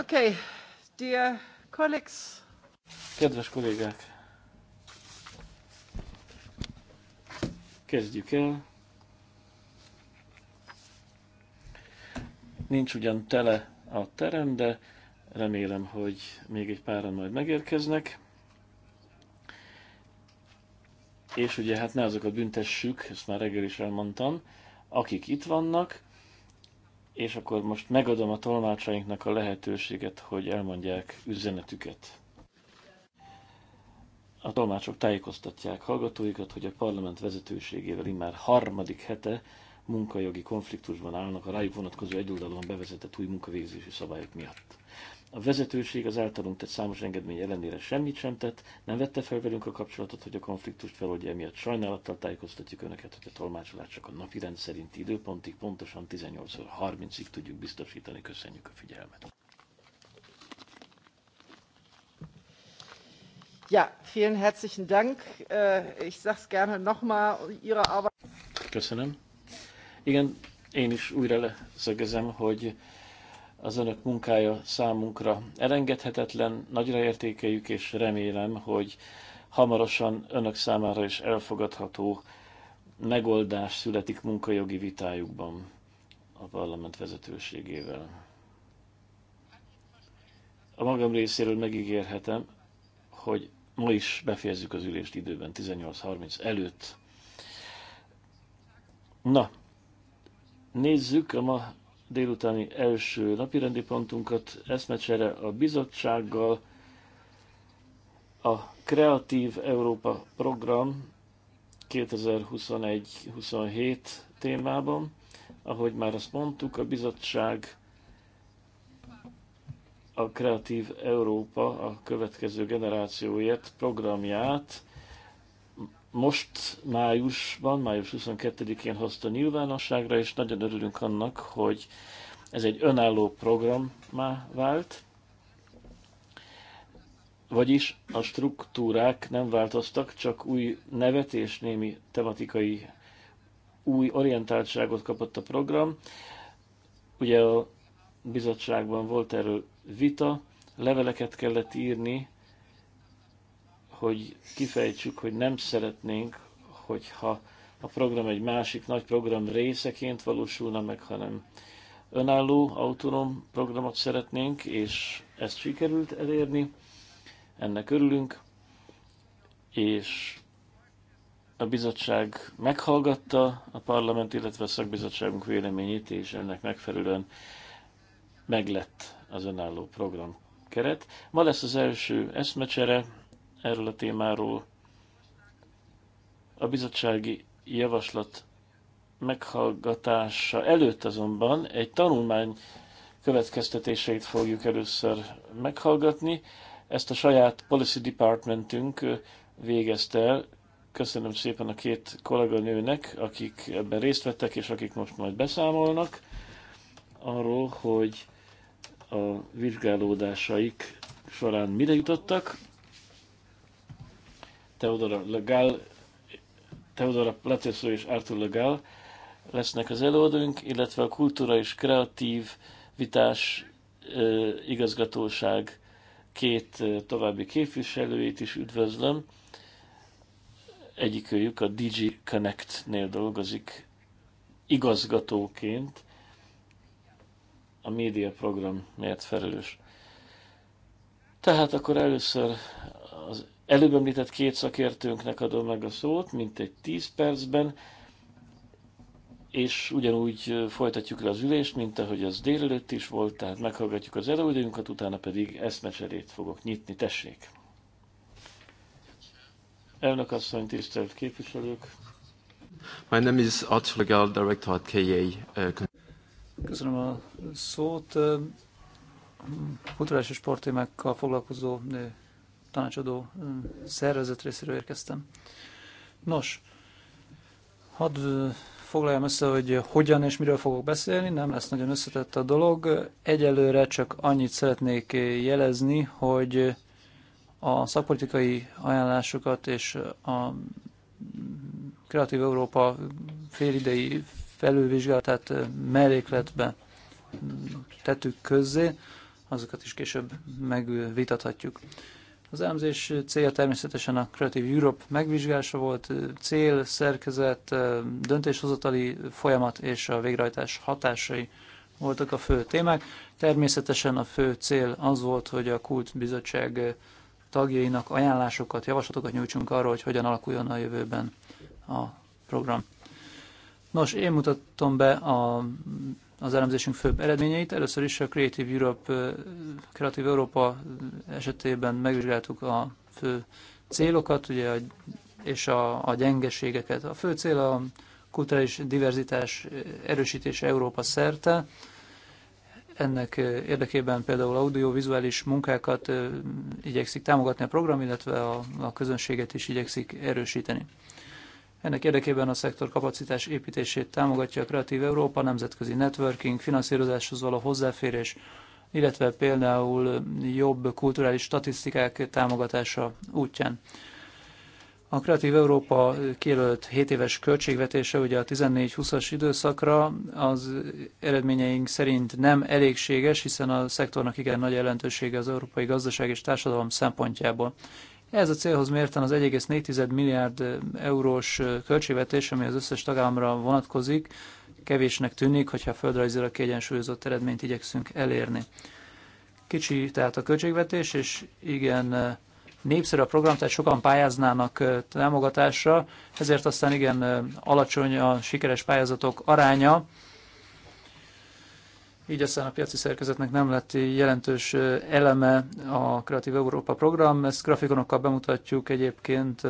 Okay, dear colleagues. Kedves kollégák! Kezdjük el. Nincs ugyan tele a terem, de remélem, hogy még egy páran majd megérkeznek. És ugye hát ne azokat büntessük, ezt már reggel is elmondtam, akik itt vannak, és akkor most megadom a tolmácsainknak a lehetőséget, hogy elmondják üzenetüket. A tolmácsok tájékoztatják hallgatóikat, hogy a parlament vezetőségével immár harmadik hete munkajogi konfliktusban állnak a rájuk vonatkozó egyoldalúan bevezetett új munkavégzési szabályok miatt. A vezetőség az általunk tett számos engedmény ellenére semmit sem tett, nem vette fel velünk a kapcsolatot, hogy a konfliktust feloldja, emiatt sajnálattal tájékoztatjuk Önöket, hogy a tolmácsolás csak a napi rend szerinti időpontig, pontosan 18 30-ig tudjuk biztosítani. Köszönjük a figyelmet! Ja, vielen herzlichen Dank. Äh, ich sag's gerne nochmal, Ihre Arbeit. Köszönöm. Igen, én is újra leszögezem, hogy az önök munkája számunkra elengedhetetlen, nagyra értékeljük, és remélem, hogy hamarosan önök számára is elfogadható megoldás születik munkajogi vitájukban a parlament vezetőségével. A magam részéről megígérhetem, hogy ma is befejezzük az ülést időben, 18.30 előtt. Na, nézzük a ma délutáni első napirendi pontunkat, eszmecsere a bizottsággal, a Kreatív Európa program 2021-27 témában. Ahogy már azt mondtuk, a bizottság a Kreatív Európa a következő generációért programját most májusban, május 22-én hozta nyilvánosságra, és nagyon örülünk annak, hogy ez egy önálló program már vált, vagyis a struktúrák nem változtak, csak új nevet és némi tematikai új orientáltságot kapott a program. Ugye a bizottságban volt erről vita, leveleket kellett írni hogy kifejtsük, hogy nem szeretnénk, hogyha a program egy másik nagy program részeként valósulna meg, hanem önálló, autonóm programot szeretnénk, és ezt sikerült elérni. Ennek örülünk, és a bizottság meghallgatta a parlament, illetve a szakbizottságunk véleményét, és ennek megfelelően meglett az önálló program keret. Ma lesz az első eszmecsere, erről a témáról. A bizottsági javaslat meghallgatása előtt azonban egy tanulmány következtetéseit fogjuk először meghallgatni. Ezt a saját Policy Departmentünk végezte el. Köszönöm szépen a két kolléganőnek, akik ebben részt vettek, és akik most majd beszámolnak arról, hogy a vizsgálódásaik során mire jutottak. Teodora Legal, Teodora Platesso és Arthur Legal lesznek az előadóink, illetve a kultúra és kreatív vitás igazgatóság két további képviselőjét is üdvözlöm. Egyikőjük a Digi Connect-nél dolgozik igazgatóként, a média miért felelős. Tehát akkor először az Előbb említett két szakértőnknek adom meg a szót, mint egy 10 percben, és ugyanúgy folytatjuk le az ülést, mint ahogy az délelőtt is volt, tehát meghallgatjuk az előadóinkat, utána pedig eszmecserét fogok nyitni. Tessék! Elnök asszony, tisztelt képviselők! My name is Arch Legal Director at KA. Uh, Köszönöm a szót. Kulturális és sporttémákkal foglalkozó tanácsadó szervezet részéről érkeztem. Nos, hadd foglaljam össze, hogy hogyan és miről fogok beszélni, nem lesz nagyon összetett a dolog. Egyelőre csak annyit szeretnék jelezni, hogy a szakpolitikai ajánlásokat és a Kreatív Európa félidei felülvizsgálatát mellékletbe tettük közzé, azokat is később megvitathatjuk. Az elemzés célja természetesen a Creative Europe megvizsgálása volt, cél, szerkezet, döntéshozatali folyamat és a végrehajtás hatásai voltak a fő témák. Természetesen a fő cél az volt, hogy a Kult Bizottság tagjainak ajánlásokat, javaslatokat nyújtsunk arról, hogy hogyan alakuljon a jövőben a program. Nos, én mutattam be a az elemzésünk főbb eredményeit. Először is a Creative Europe, Creative Europa esetében megvizsgáltuk a fő célokat ugye, és a, a gyengeségeket. A fő cél a kulturális diverzitás erősítése Európa szerte. Ennek érdekében például audiovizuális munkákat igyekszik támogatni a program, illetve a, a közönséget is igyekszik erősíteni. Ennek érdekében a szektor kapacitás építését támogatja a Kreatív Európa, nemzetközi networking, finanszírozáshoz való hozzáférés, illetve például jobb kulturális statisztikák támogatása útján. A Kreatív Európa kijelölt 7 éves költségvetése ugye a 14-20-as időszakra az eredményeink szerint nem elégséges, hiszen a szektornak igen nagy jelentősége az európai gazdaság és társadalom szempontjából. Ez a célhoz mérten az 1,4 milliárd eurós költségvetés, ami az összes tagállamra vonatkozik, kevésnek tűnik, hogyha földrajzilag kiegyensúlyozott eredményt igyekszünk elérni. Kicsi tehát a költségvetés, és igen népszerű a program, tehát sokan pályáznának támogatásra, ezért aztán igen alacsony a sikeres pályázatok aránya, így aztán a piaci szerkezetnek nem lett jelentős eleme a Kreatív Európa program. Ezt grafikonokkal bemutatjuk egyébként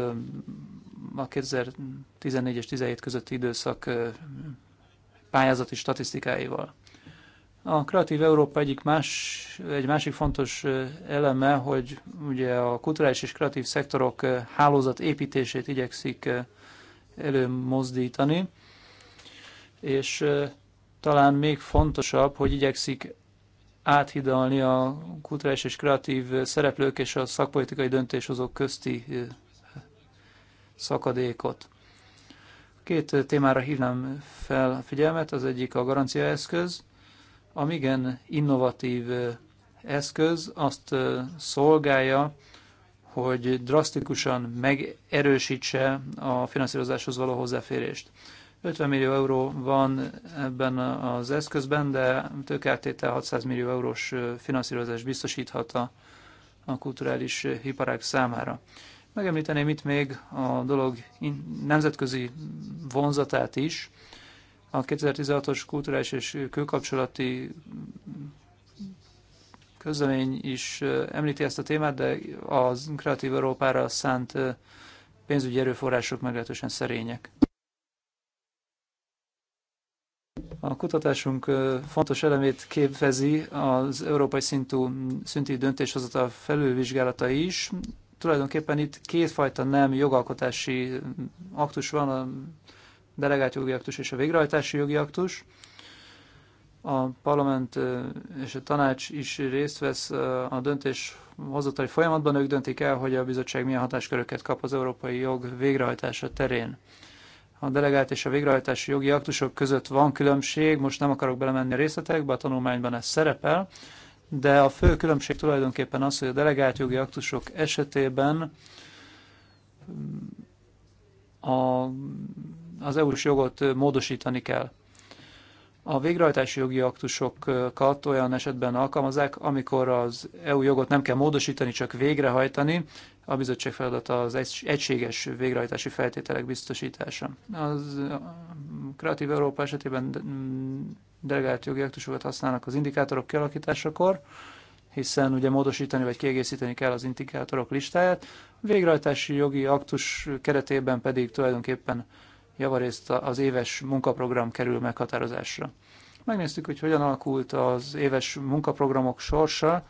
a 2014 és 2017 közötti időszak pályázati statisztikáival. A Kreatív Európa egyik más, egy másik fontos eleme, hogy ugye a kulturális és kreatív szektorok hálózat építését igyekszik előmozdítani, és talán még fontosabb, hogy igyekszik áthidalni a kulturális és kreatív szereplők és a szakpolitikai döntéshozók közti szakadékot. Két témára hívnám fel a figyelmet, az egyik a garancia eszköz, ami igen innovatív eszköz, azt szolgálja, hogy drasztikusan megerősítse a finanszírozáshoz való hozzáférést. 50 millió euró van ebben az eszközben, de tőkeltétel 600 millió eurós finanszírozás biztosíthat a, a kulturális iparák számára. Megemlíteném itt még a dolog nemzetközi vonzatát is. A 2016-os kulturális és külkapcsolati közlemény is említi ezt a témát, de az Kreatív Európára szánt pénzügyi erőforrások meglehetősen szerények. A kutatásunk fontos elemét képvezi az európai szintű, szintű döntéshozatal felülvizsgálata is. Tulajdonképpen itt kétfajta nem jogalkotási mm, aktus van, a delegált jogi aktus és a végrehajtási jogi aktus. A parlament és a tanács is részt vesz a döntéshozatali folyamatban, ők döntik el, hogy a bizottság milyen hatásköröket kap az európai jog végrehajtása terén a delegált és a végrehajtási jogi aktusok között van különbség, most nem akarok belemenni a részletekbe, a tanulmányban ez szerepel, de a fő különbség tulajdonképpen az, hogy a delegált jogi aktusok esetében a, az EU-s jogot módosítani kell. A végrehajtási jogi aktusokat olyan esetben alkalmazák, amikor az EU jogot nem kell módosítani, csak végrehajtani, a bizottság feladata az egységes végrehajtási feltételek biztosítása. Az Kreatív Európa esetében delegált jogi aktusokat használnak az indikátorok kialakításakor, hiszen ugye módosítani vagy kiegészíteni kell az indikátorok listáját, végrehajtási jogi aktus keretében pedig tulajdonképpen javarészt az éves munkaprogram kerül meghatározásra. Megnéztük, hogy hogyan alakult az éves munkaprogramok sorsa,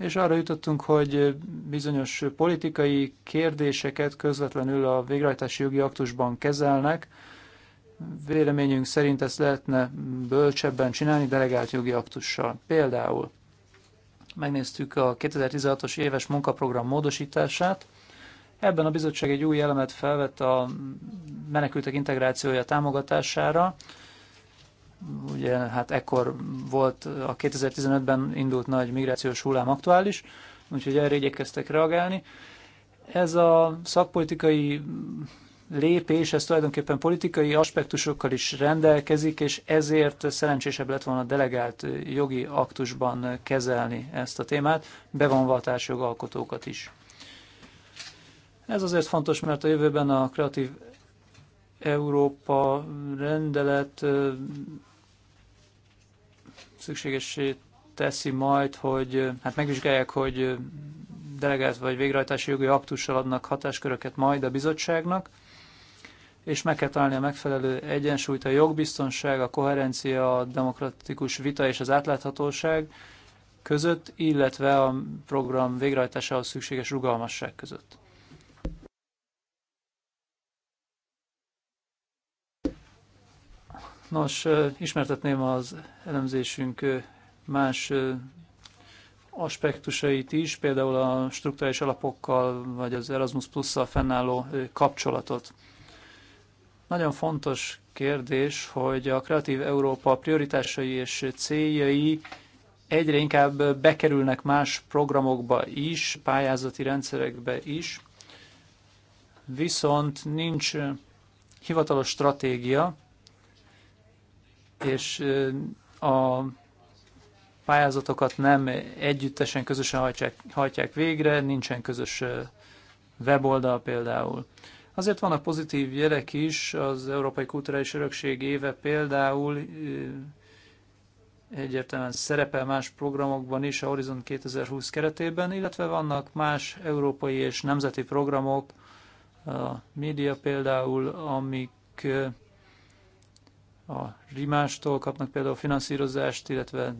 és arra jutottunk, hogy bizonyos politikai kérdéseket közvetlenül a végrehajtási jogi aktusban kezelnek. Véleményünk szerint ezt lehetne bölcsebben csinálni delegált jogi aktussal. Például megnéztük a 2016-os éves munkaprogram módosítását. Ebben a bizottság egy új elemet felvett a menekültek integrációja támogatására, ugye hát ekkor volt a 2015-ben indult nagy migrációs hullám aktuális, úgyhogy erre igyekeztek reagálni. Ez a szakpolitikai lépés, ez tulajdonképpen politikai aspektusokkal is rendelkezik, és ezért szerencsésebb lett volna delegált jogi aktusban kezelni ezt a témát, bevonva a társjogalkotókat is. Ez azért fontos, mert a jövőben a kreatív Európa rendelet szükségesé teszi majd, hogy hát megvizsgálják, hogy delegált vagy végrehajtási jogi aktussal adnak hatásköröket majd a bizottságnak, és meg kell találni a megfelelő egyensúlyt a jogbiztonság, a koherencia, a demokratikus vita és az átláthatóság között, illetve a program végrehajtásához szükséges rugalmasság között. Nos, ismertetném az elemzésünk más aspektusait is, például a struktúrális alapokkal, vagy az Erasmus Plus-szal fennálló kapcsolatot. Nagyon fontos kérdés, hogy a Kreatív Európa prioritásai és céljai egyre inkább bekerülnek más programokba is, pályázati rendszerekbe is, viszont nincs hivatalos stratégia, és a pályázatokat nem együttesen, közösen hajtják, hajtják végre, nincsen közös weboldal például. Azért vannak pozitív jelek is, az Európai Kulturális Örökség éve például egyértelműen szerepel más programokban is a Horizon 2020 keretében, illetve vannak más európai és nemzeti programok, a média például, amik a Rimástól kapnak például finanszírozást, illetve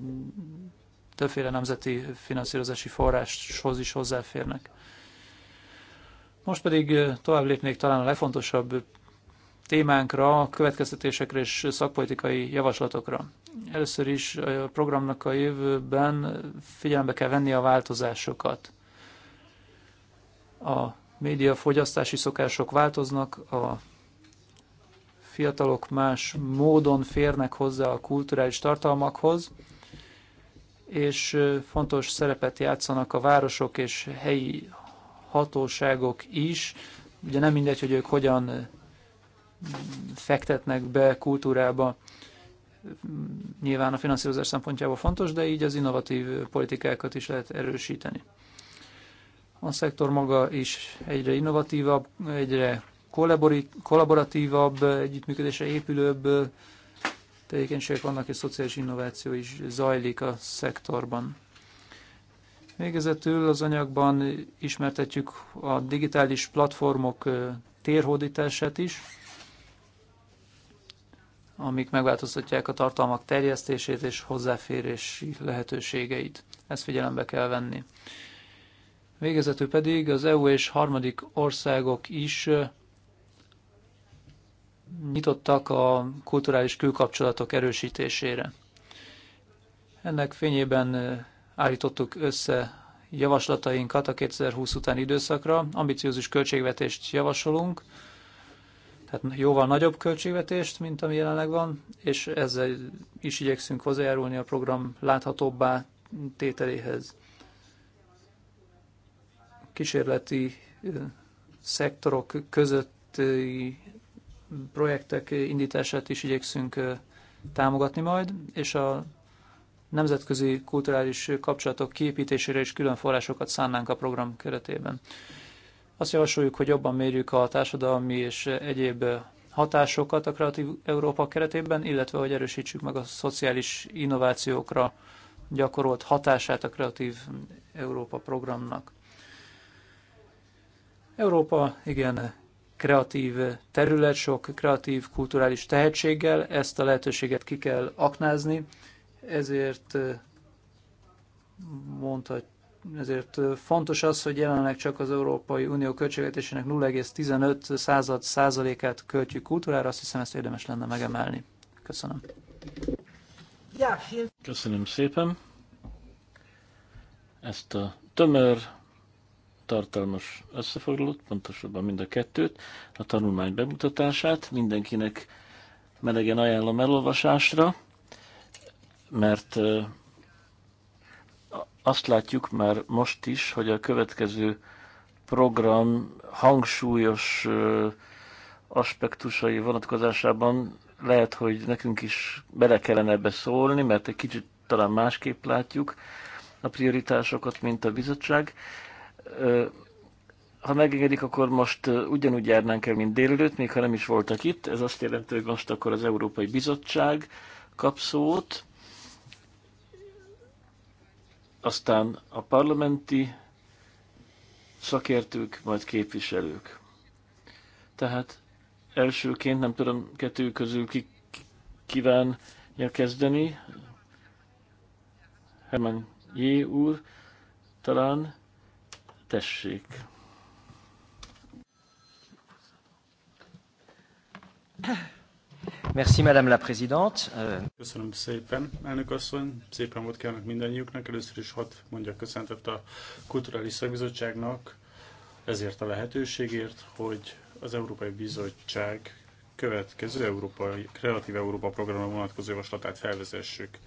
többféle nemzeti finanszírozási forráshoz is hozzáférnek. Most pedig tovább lépnék talán a legfontosabb témánkra, következtetésekre és szakpolitikai javaslatokra. Először is a programnak a jövőben figyelembe kell venni a változásokat. A média fogyasztási szokások változnak, a fiatalok más módon férnek hozzá a kulturális tartalmakhoz, és fontos szerepet játszanak a városok és helyi hatóságok is. Ugye nem mindegy, hogy ők hogyan fektetnek be kultúrába, nyilván a finanszírozás szempontjából fontos, de így az innovatív politikákat is lehet erősíteni. A szektor maga is egyre innovatívabb, egyre kollaboratívabb, együttműködésre épülőbb tevékenységek vannak, és szociális innováció is zajlik a szektorban. Végezetül az anyagban ismertetjük a digitális platformok térhódítását is, amik megváltoztatják a tartalmak terjesztését és hozzáférési lehetőségeit. Ezt figyelembe kell venni. Végezetül pedig az EU és harmadik országok is nyitottak a kulturális külkapcsolatok erősítésére. Ennek fényében állítottuk össze javaslatainkat a 2020 után időszakra. Ambiciózus költségvetést javasolunk, tehát jóval nagyobb költségvetést, mint ami jelenleg van, és ezzel is igyekszünk hozzájárulni a program láthatóbbá tételéhez. Kísérleti szektorok közötti projektek indítását is igyekszünk támogatni majd, és a nemzetközi kulturális kapcsolatok kiépítésére is külön forrásokat szánnánk a program keretében. Azt javasoljuk, hogy jobban mérjük a társadalmi és egyéb hatásokat a Kreatív Európa keretében, illetve hogy erősítsük meg a szociális innovációkra gyakorolt hatását a Kreatív Európa programnak. Európa igen kreatív terület, sok kreatív kulturális tehetséggel, ezt a lehetőséget ki kell aknázni, ezért mondhat, ezért fontos az, hogy jelenleg csak az Európai Unió költségvetésének 0,15 század százalékát költjük kultúrára, azt hiszem ezt érdemes lenne megemelni. Köszönöm. Köszönöm szépen ezt a tömör tartalmas összefoglalót, pontosabban mind a kettőt, a tanulmány bemutatását. Mindenkinek melegen ajánlom elolvasásra, mert azt látjuk már most is, hogy a következő program hangsúlyos aspektusai vonatkozásában lehet, hogy nekünk is bele kellene ebbe szólni, mert egy kicsit talán másképp látjuk a prioritásokat, mint a bizottság, ha megengedik, akkor most ugyanúgy járnánk el, mint délelőtt, még ha nem is voltak itt. Ez azt jelenti, hogy most akkor az Európai Bizottság kap szót, aztán a parlamenti szakértők, majd képviselők. Tehát elsőként, nem tudom, kettő közül ki kívánja kezdeni. Hermann J. úr, talán Tessék. Merci, Madame la Présidente. Köszönöm szépen, elnök asszony. Szépen volt kívánok mindannyiuknak. Először is hadd mondjak köszöntet a Kulturális Szakbizottságnak ezért a lehetőségért, hogy az Európai Bizottság következő Európai, Kreatív Európa programra vonatkozó javaslatát felvezessük.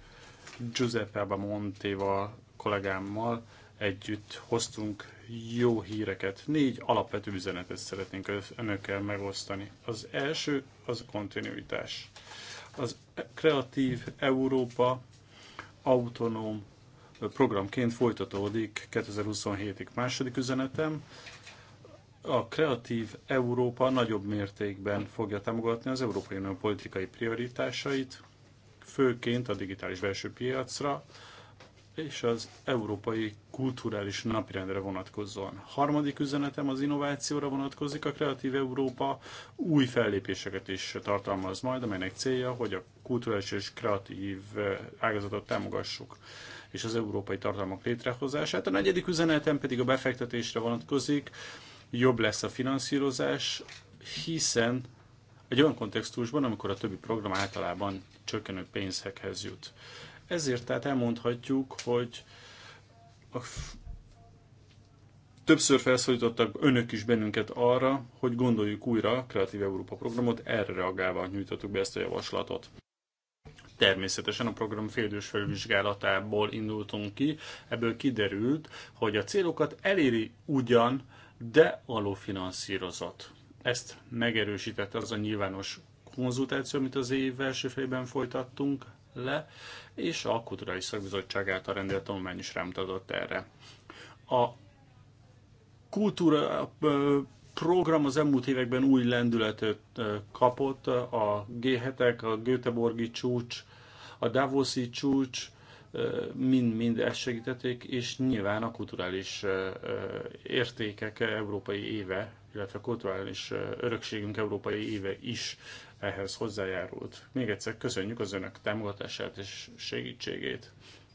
Giuseppe Montéval, kollégámmal együtt hoztunk jó híreket. Négy alapvető üzenetet szeretnénk önökkel megosztani. Az első az a kontinuitás. Az Kreatív Európa autonóm programként folytatódik 2027-ig. Második üzenetem, a kreatív Európa nagyobb mértékben fogja támogatni az Európai Unió politikai prioritásait, főként a digitális belső piacra, és az európai kulturális napirendre vonatkozóan. Harmadik üzenetem az innovációra vonatkozik, a Kreatív Európa új fellépéseket is tartalmaz majd, amelynek célja, hogy a kulturális és kreatív eh, ágazatot támogassuk és az európai tartalmak létrehozását. A negyedik üzenetem pedig a befektetésre vonatkozik, jobb lesz a finanszírozás, hiszen egy olyan kontextusban, amikor a többi program általában csökkenő pénzekhez jut. Ezért tehát elmondhatjuk, hogy a Többször felszólítottak önök is bennünket arra, hogy gondoljuk újra a Kreatív Európa programot, erre reagálva nyújtottuk be ezt a javaslatot. Természetesen a program félidős felvizsgálatából indultunk ki, ebből kiderült, hogy a célokat eléri ugyan, de alófinanszírozott. Ezt megerősítette az a nyilvános konzultáció, amit az év első felében folytattunk, le, és a Kulturális Szakbizottság által rendelt tanulmány is rámutatott erre. A kultúra program az elmúlt években új lendületet kapott, a g a Göteborgi csúcs, a Davoszi csúcs, mind-mind ezt segítették, és nyilván a kulturális értékek európai éve, illetve a kulturális örökségünk európai éve is ehhez hozzájárult. Még egyszer köszönjük az önök támogatását és segítségét.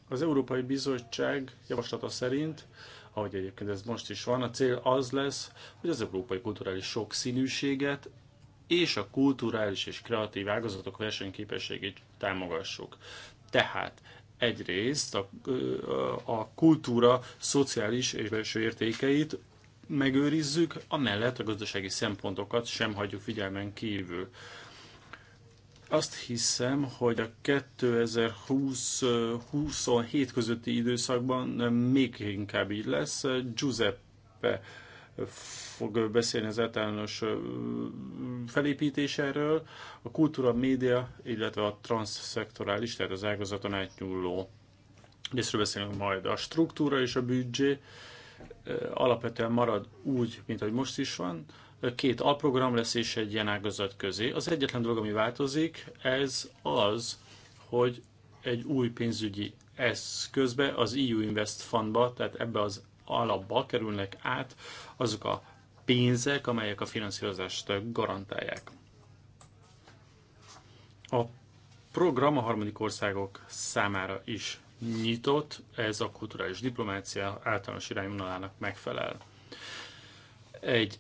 Az Európai Bizottság javaslata szerint, ahogy egyébként ez most is van, a cél az lesz, hogy az európai kulturális sokszínűséget és a kulturális és kreatív ágazatok versenyképességét támogassuk. Tehát egyrészt a, a kultúra szociális és belső értékeit megőrizzük, amellett a gazdasági szempontokat sem hagyjuk figyelmen kívül. Azt hiszem, hogy a 2020-27 közötti időszakban még inkább így lesz. Giuseppe fog beszélni az általános felépítéséről, a kultúra, média, illetve a transzszektorális, tehát az ágazaton átnyúló részről beszélünk majd. A struktúra és a büdzsé alapvetően marad úgy, mint ahogy most is van, két alprogram lesz és egy ilyen ágazat közé. Az egyetlen dolog, ami változik, ez az, hogy egy új pénzügyi eszközbe, az EU Invest Fundba, tehát ebbe az alapba kerülnek át azok a pénzek, amelyek a finanszírozást garantálják. A program a harmadik országok számára is nyitott, ez a kulturális diplomácia általános irányvonalának megfelel. Egy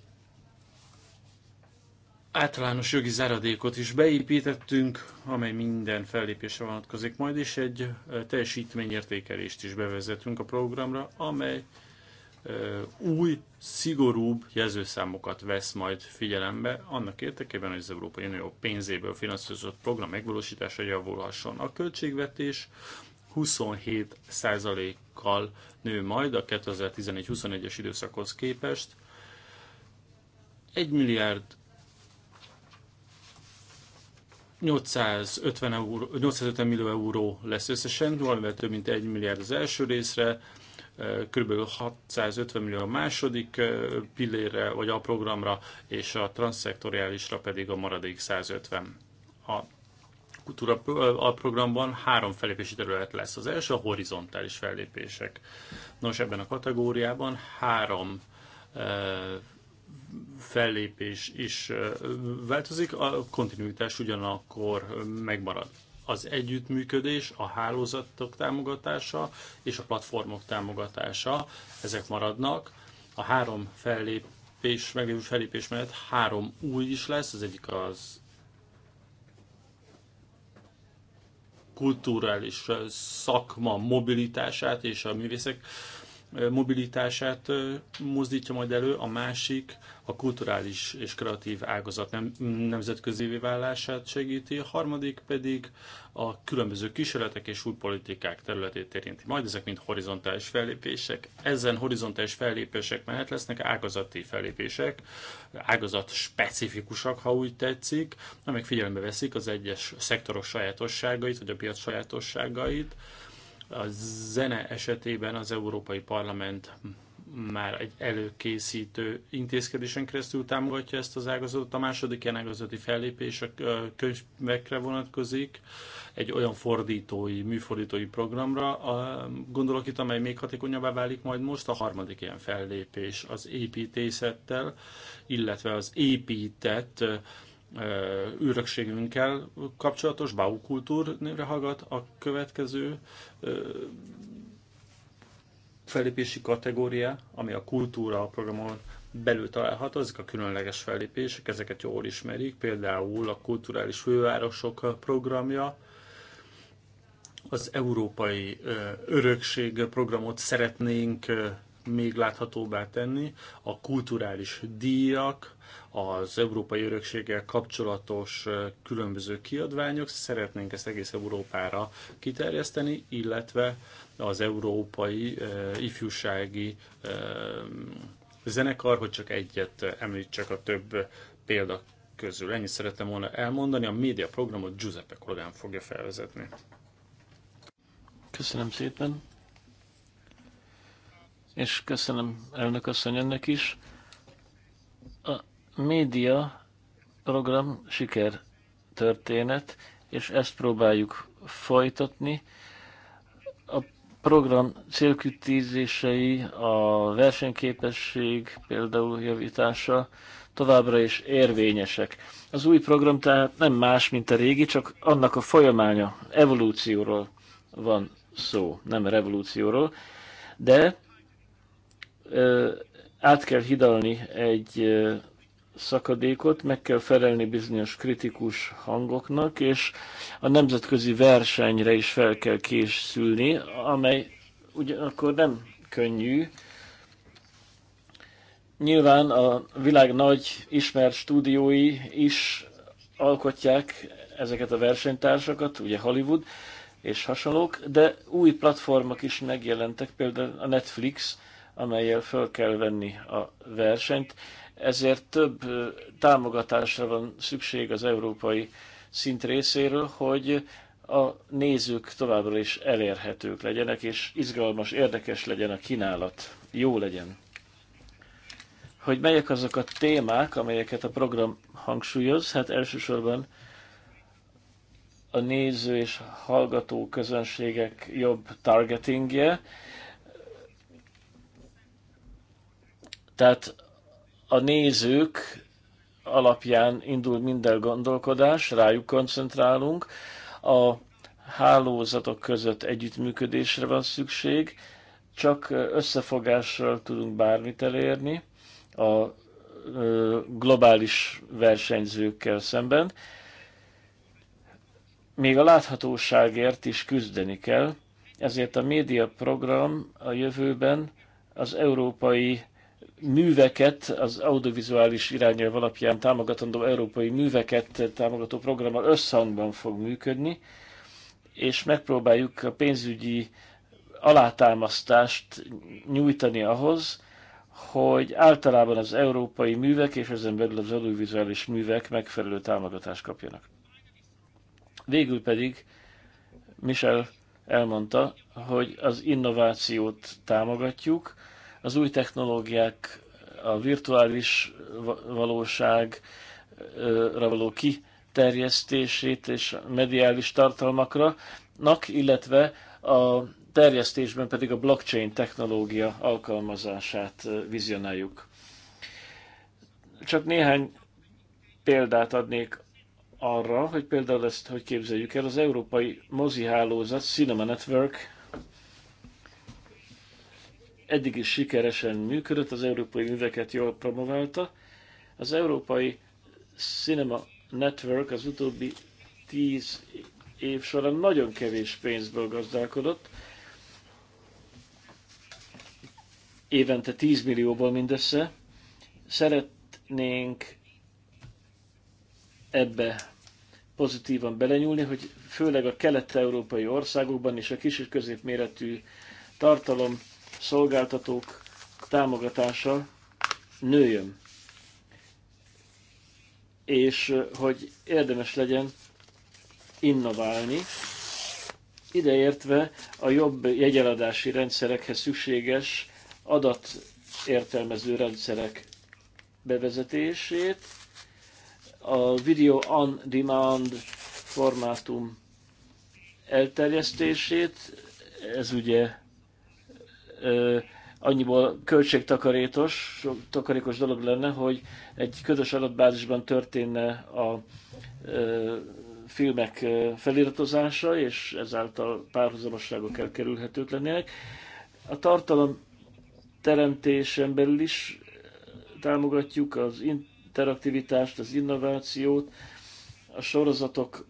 általános jogi záradékot is beépítettünk, amely minden fellépésre vonatkozik majd, és egy teljesítményértékelést is bevezetünk a programra, amely új, szigorúbb jelzőszámokat vesz majd figyelembe annak érdekében, hogy az Európai Unió pénzéből finanszírozott program megvalósítása javulhasson. A költségvetés 27%-kal nő majd a 2014-21-es időszakhoz képest. 1 milliárd 850, euró, 850 millió euró lesz összesen, valamivel több mint 1 milliárd az első részre, kb. 650 millió a második pillérre, vagy a programra, és a transzektoriálisra pedig a maradék 150. A kultúra a programban három felépési terület lesz. Az első a horizontális fellépések. Nos, ebben a kategóriában három fellépés is változik, a kontinuitás ugyanakkor megmarad. Az együttműködés, a hálózatok támogatása és a platformok támogatása, ezek maradnak. A három fellépés, meglévő fellépés mellett három új is lesz, az egyik az kulturális szakma mobilitását és a művészek mobilitását mozdítja majd elő, a másik a kulturális és kreatív ágazat nem, nemzetközi válását segíti, a harmadik pedig a különböző kísérletek és új politikák területét érinti. Majd ezek mind horizontális fellépések. Ezen horizontális fellépések mellett lesznek ágazati fellépések, ágazat specifikusak, ha úgy tetszik, amelyek figyelembe veszik az egyes szektorok sajátosságait, vagy a piac sajátosságait, a zene esetében az Európai Parlament már egy előkészítő intézkedésen keresztül támogatja ezt az ágazatot. A második ilyen ágazati fellépés a könyvekre vonatkozik, egy olyan fordítói, műfordítói programra, a, gondolok itt, amely még hatékonyabbá válik majd most, a harmadik ilyen fellépés az építészettel, illetve az épített űrökségünkkel kapcsolatos, Kultúr névre hallgat a következő fellépési kategória, ami a kultúra a programon belül található, ezek a különleges fellépések, ezeket jól ismerik, például a Kulturális Fővárosok programja, az Európai Örökség programot szeretnénk még láthatóbbá tenni, a kulturális díjak, az európai örökséggel kapcsolatos különböző kiadványok, szeretnénk ezt egész Európára kiterjeszteni, illetve az európai ifjúsági zenekar, hogy csak egyet említsek a több példa közül. Ennyit szerettem volna elmondani, a média programot Giuseppe kollégám fogja felvezetni. Köszönöm szépen és köszönöm elnök asszony önnek is. A média program siker történet, és ezt próbáljuk folytatni. A program célkütízései, a versenyképesség például javítása továbbra is érvényesek. Az új program tehát nem más, mint a régi, csak annak a folyamánya, evolúcióról van szó, nem revolúcióról, de át kell hidalni egy szakadékot, meg kell felelni bizonyos kritikus hangoknak, és a nemzetközi versenyre is fel kell készülni, amely ugyanakkor nem könnyű. Nyilván a világ nagy ismert stúdiói is alkotják ezeket a versenytársakat, ugye Hollywood és hasonlók, de új platformok is megjelentek, például a Netflix, amelyel föl kell venni a versenyt. Ezért több támogatásra van szükség az európai szint részéről, hogy a nézők továbbra is elérhetők legyenek, és izgalmas, érdekes legyen a kínálat, jó legyen. Hogy melyek azok a témák, amelyeket a program hangsúlyoz? Hát elsősorban a néző és hallgató közönségek jobb targetingje, Tehát a nézők alapján indul minden gondolkodás, rájuk koncentrálunk, a hálózatok között együttműködésre van szükség, csak összefogással tudunk bármit elérni a globális versenyzőkkel szemben. Még a láthatóságért is küzdeni kell, ezért a médiaprogram a jövőben az európai műveket, az audiovizuális irányelv alapján támogatandó európai műveket támogató programmal összhangban fog működni, és megpróbáljuk a pénzügyi alátámasztást nyújtani ahhoz, hogy általában az európai művek és ezen belül az audiovizuális művek megfelelő támogatást kapjanak. Végül pedig Michel elmondta, hogy az innovációt támogatjuk, az új technológiák, a virtuális valóságra való kiterjesztését és mediális tartalmakra, nak, illetve a terjesztésben pedig a blockchain technológia alkalmazását vizionáljuk. Csak néhány példát adnék arra, hogy például ezt hogy képzeljük el, az európai Hálózat Cinema Network eddig is sikeresen működött, az európai műveket jól promoválta. Az európai Cinema Network az utóbbi tíz év során nagyon kevés pénzből gazdálkodott, évente 10 millióból mindössze. Szeretnénk ebbe pozitívan belenyúlni, hogy főleg a kelet-európai országokban és a kis és középméretű tartalom szolgáltatók támogatása nőjön, és eh, hogy érdemes legyen innoválni, ideértve a jobb jegyeladási rendszerekhez szükséges adatértelmező rendszerek bevezetését, a Video on Demand formátum elterjesztését, ez ugye annyiból költségtakarékos takarékos dolog lenne, hogy egy közös adatbázisban történne a ö, filmek feliratozása, és ezáltal párhuzamosságok elkerülhetők lennének. A tartalom teremtésen belül is támogatjuk az interaktivitást, az innovációt, a sorozatok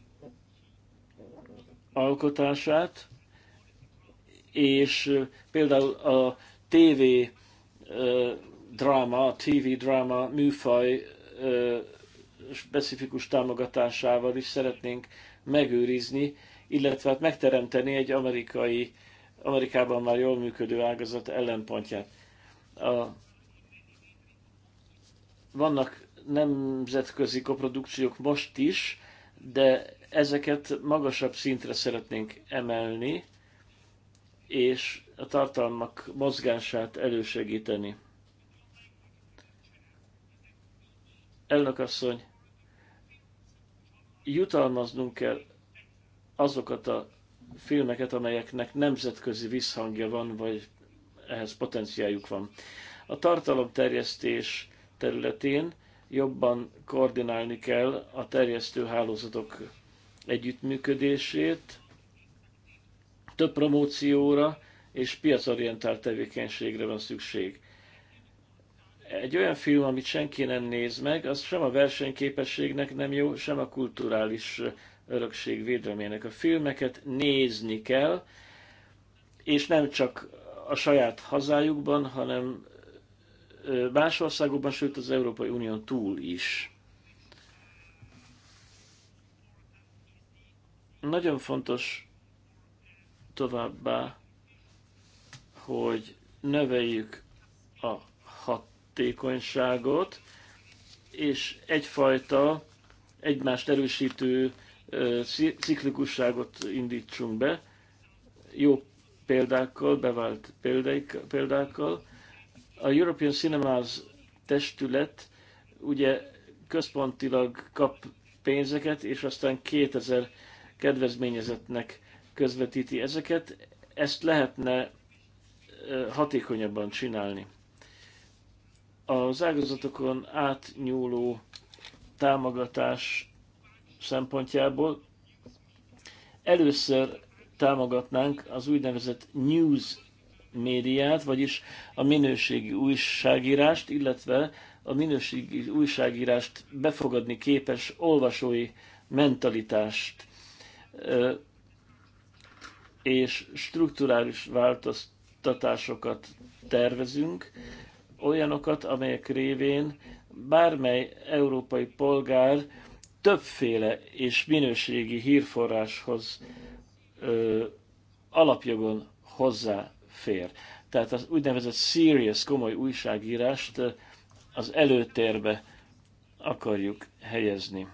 alkotását, és például a TV dráma, a TV dráma műfaj specifikus támogatásával is szeretnénk megőrizni, illetve hát megteremteni egy amerikai, Amerikában már jól működő ágazat ellenpontját. A, vannak nemzetközi koprodukciók most is, de ezeket magasabb szintre szeretnénk emelni, és a tartalmak mozgását elősegíteni. Elnökasszony, jutalmaznunk kell azokat a filmeket, amelyeknek nemzetközi visszhangja van, vagy ehhez potenciáljuk van. A tartalomterjesztés területén jobban koordinálni kell a terjesztő hálózatok együttműködését, több promócióra és piacorientált tevékenységre van szükség. Egy olyan film, amit senki nem néz meg, az sem a versenyképességnek nem jó, sem a kulturális örökség védelmének. A filmeket nézni kell, és nem csak a saját hazájukban, hanem más országokban, sőt az Európai Unión túl is. Nagyon fontos továbbá, hogy növeljük a hatékonyságot, és egyfajta egymást erősítő ciklikusságot indítsunk be, jó példákkal, bevált példáik, példákkal. A European Cinemas testület ugye központilag kap pénzeket, és aztán 2000 kedvezményezetnek közvetíti ezeket, ezt lehetne hatékonyabban csinálni. Az ágazatokon átnyúló támogatás szempontjából először támogatnánk az úgynevezett news médiát, vagyis a minőségi újságírást, illetve a minőségi újságírást befogadni képes olvasói mentalitást és strukturális változtatásokat tervezünk, olyanokat, amelyek révén bármely európai polgár többféle és minőségi hírforráshoz ö, alapjogon hozzáfér. Tehát az úgynevezett serious, komoly újságírást az előtérbe akarjuk helyezni.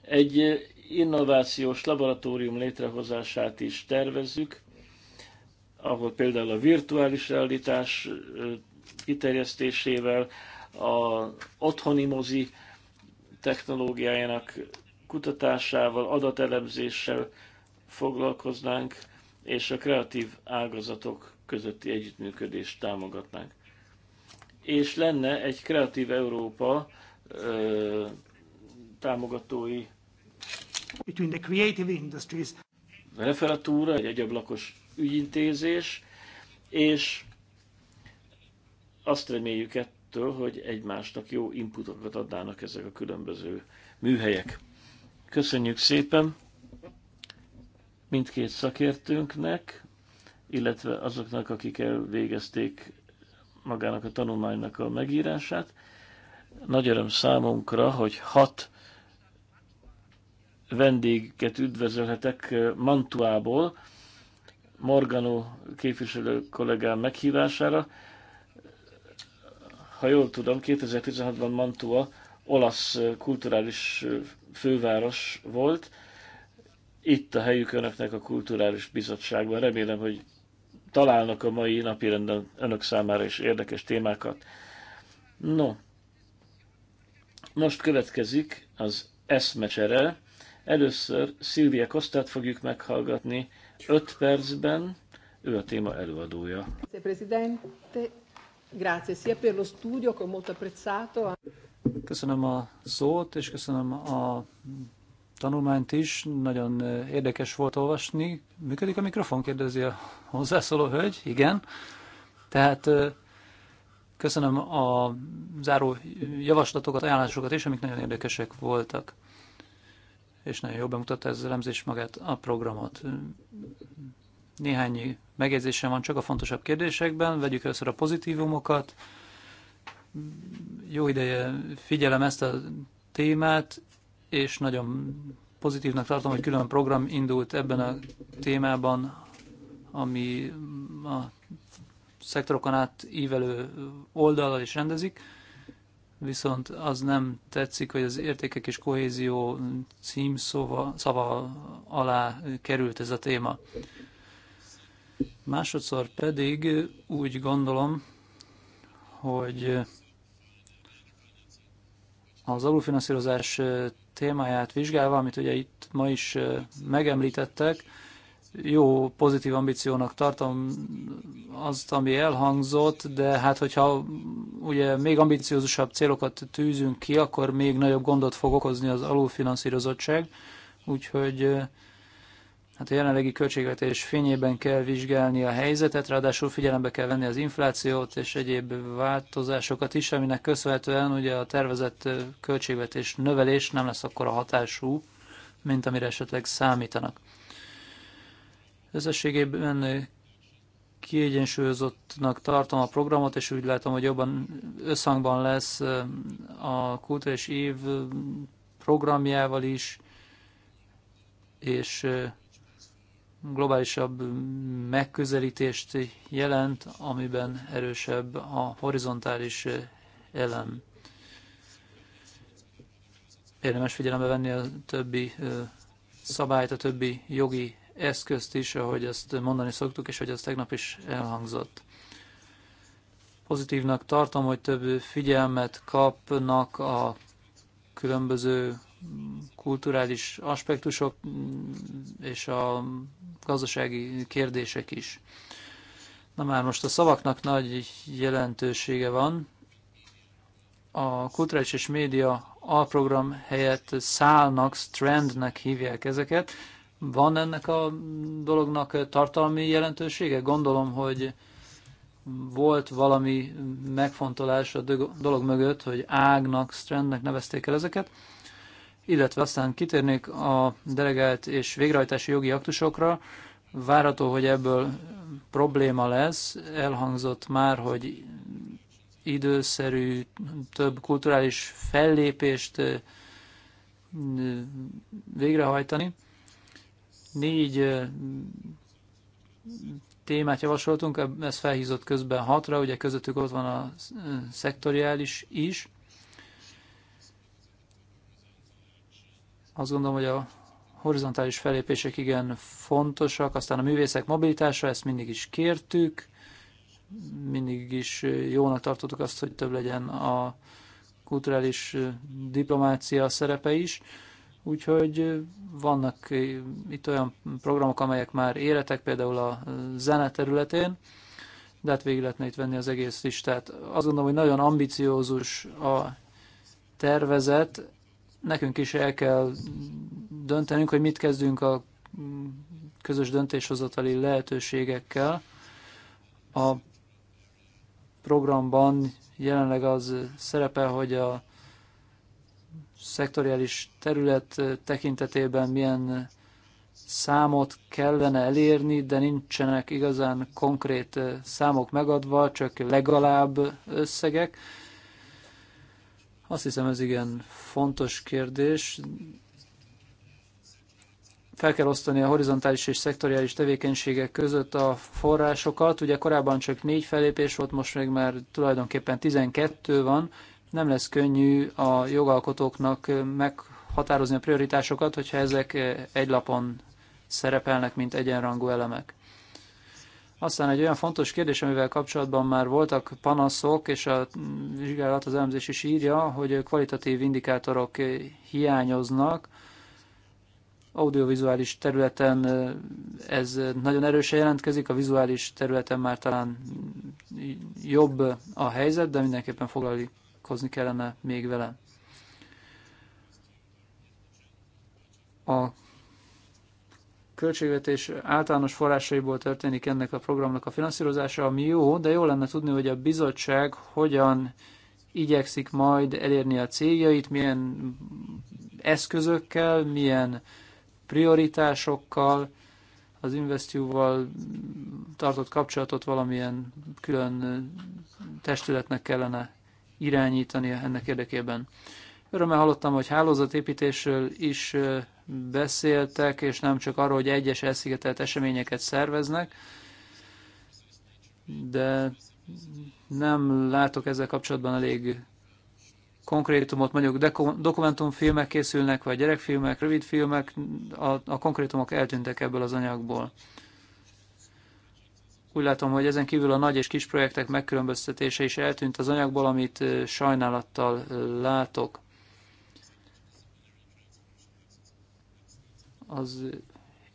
Egy innovációs laboratórium létrehozását is tervezzük, ahol például a virtuális realitás kiterjesztésével, a otthoni mozi technológiájának kutatásával, adatelemzéssel foglalkoznánk, és a kreatív ágazatok közötti együttműködést támogatnánk. És lenne egy Kreatív Európa ö, támogatói Between the creative industries. Referatúra, egy egyablakos ügyintézés, és azt reméljük ettől, hogy egymásnak jó inputokat adnának ezek a különböző műhelyek. Köszönjük szépen mindkét szakértőnknek, illetve azoknak, akik elvégezték magának a tanulmánynak a megírását. Nagy öröm számunkra, hogy hat vendégeket üdvözölhetek Mantuából, Morgano képviselő kollégám meghívására. Ha jól tudom, 2016-ban Mantua olasz kulturális főváros volt. Itt a helyük önöknek a kulturális bizottságban. Remélem, hogy találnak a mai napi renden önök számára is érdekes témákat. No, most következik az eszmecsere Először Szilvia Kostát fogjuk meghallgatni 5 percben, ő a téma előadója. Köszönöm a szót, és köszönöm a tanulmányt is. Nagyon érdekes volt olvasni. Működik a mikrofon? Kérdezi a hozzászóló hölgy. Igen. Tehát köszönöm a záró javaslatokat, ajánlásokat is, amik nagyon érdekesek voltak és nagyon jól bemutatta ez az elemzés magát a programot. Néhány megjegyzésem van csak a fontosabb kérdésekben, vegyük először a pozitívumokat. Jó ideje figyelem ezt a témát, és nagyon pozitívnak tartom, hogy külön program indult ebben a témában, ami a szektorokon ívelő oldalal is rendezik viszont az nem tetszik, hogy az értékek és kohézió cím szava, szava alá került ez a téma. Másodszor pedig úgy gondolom, hogy az alulfinanszírozás témáját vizsgálva, amit ugye itt ma is eh, megemlítettek, jó, pozitív ambíciónak tartom azt, ami elhangzott, de hát hogyha ugye még ambiciózusabb célokat tűzünk ki, akkor még nagyobb gondot fog okozni az alulfinanszírozottság, úgyhogy hát a jelenlegi költségvetés fényében kell vizsgálni a helyzetet, ráadásul figyelembe kell venni az inflációt és egyéb változásokat is, aminek köszönhetően ugye a tervezett költségvetés növelés nem lesz akkor a hatású, mint amire esetleg számítanak. Összességében kiegyensúlyozottnak tartom a programot, és úgy látom, hogy jobban összhangban lesz a kultúrás év programjával is, és globálisabb megközelítést jelent, amiben erősebb a horizontális elem. Érdemes figyelembe venni a többi szabályt, a többi jogi eszközt is, ahogy ezt mondani szoktuk, és hogy ez tegnap is elhangzott. Pozitívnak tartom, hogy több figyelmet kapnak a különböző kulturális aspektusok mm, és a gazdasági kérdések is. Na már most a szavaknak nagy jelentősége van. A kulturális és média alprogram helyett szálnak, strandnek hívják ezeket. Van ennek a dolognak tartalmi jelentősége? Gondolom, hogy volt valami megfontolás a dolog mögött, hogy ágnak, strandnek nevezték el ezeket, illetve aztán kitérnék a delegált és végrehajtási jogi aktusokra. Várható, hogy ebből probléma lesz. Elhangzott már, hogy időszerű, több kulturális fellépést végrehajtani. Négy témát javasoltunk, ez felhízott közben hatra, ugye közöttük ott van a szektoriális is. Azt gondolom, hogy a horizontális felépések igen fontosak, aztán a művészek mobilitása, ezt mindig is kértük, mindig is jónak tartottuk azt, hogy több legyen a kulturális diplomácia szerepe is. Úgyhogy vannak itt olyan programok, amelyek már életek, például a zene területén, de hát végig lehetne itt venni az egész listát. Azt gondolom, hogy nagyon ambiciózus a tervezet, nekünk is el kell döntenünk, hogy mit kezdünk a közös döntéshozatali lehetőségekkel. A programban jelenleg az szerepel, hogy a szektoriális terület tekintetében milyen számot kellene elérni, de nincsenek igazán konkrét számok megadva, csak legalább összegek. Azt hiszem ez igen fontos kérdés. Fel kell osztani a horizontális és szektoriális tevékenységek között a forrásokat. Ugye korábban csak négy felépés volt, most még már tulajdonképpen 12 van, nem lesz könnyű a jogalkotóknak meghatározni a prioritásokat, hogyha ezek egy lapon szerepelnek, mint egyenrangú elemek. Aztán egy olyan fontos kérdés, amivel kapcsolatban már voltak panaszok, és a vizsgálat az elemzés is írja, hogy kvalitatív indikátorok hiányoznak. Audiovizuális területen ez nagyon erősen jelentkezik, a vizuális területen már talán jobb a helyzet, de mindenképpen foglalik foglalkozni kellene még vele. A költségvetés általános forrásaiból történik ennek a programnak a finanszírozása, ami jó, de jó lenne tudni, hogy a bizottság hogyan igyekszik majd elérni a céljait, milyen eszközökkel, milyen prioritásokkal, az Investiúval tartott kapcsolatot valamilyen külön testületnek kellene irányítani ennek érdekében. Örömmel hallottam, hogy hálózatépítésről is beszéltek, és nem csak arról, hogy egyes elszigetelt eseményeket szerveznek, de nem látok ezzel kapcsolatban elég konkrétumot, mondjuk dokumentumfilmek készülnek, vagy gyerekfilmek, rövidfilmek, a, a konkrétumok eltűntek ebből az anyagból. Úgy látom, hogy ezen kívül a nagy és kis projektek megkülönböztetése is eltűnt az anyagból, amit sajnálattal látok. Az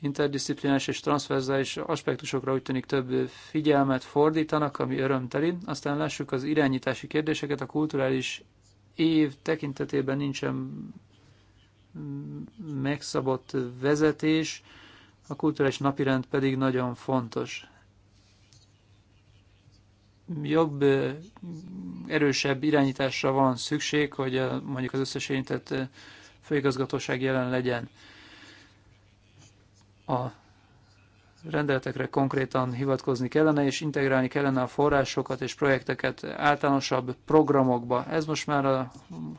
interdisziplinás és transzverzális aspektusokra úgy tűnik több figyelmet fordítanak, ami örömteli. Aztán lássuk az irányítási kérdéseket, a kulturális év tekintetében nincsen megszabott vezetés, a kulturális napirend pedig nagyon fontos jobb, erősebb irányításra van szükség, hogy a, mondjuk az összes érintett főigazgatóság jelen legyen. A rendeletekre konkrétan hivatkozni kellene, és integrálni kellene a forrásokat és projekteket általánosabb programokba. Ez most már a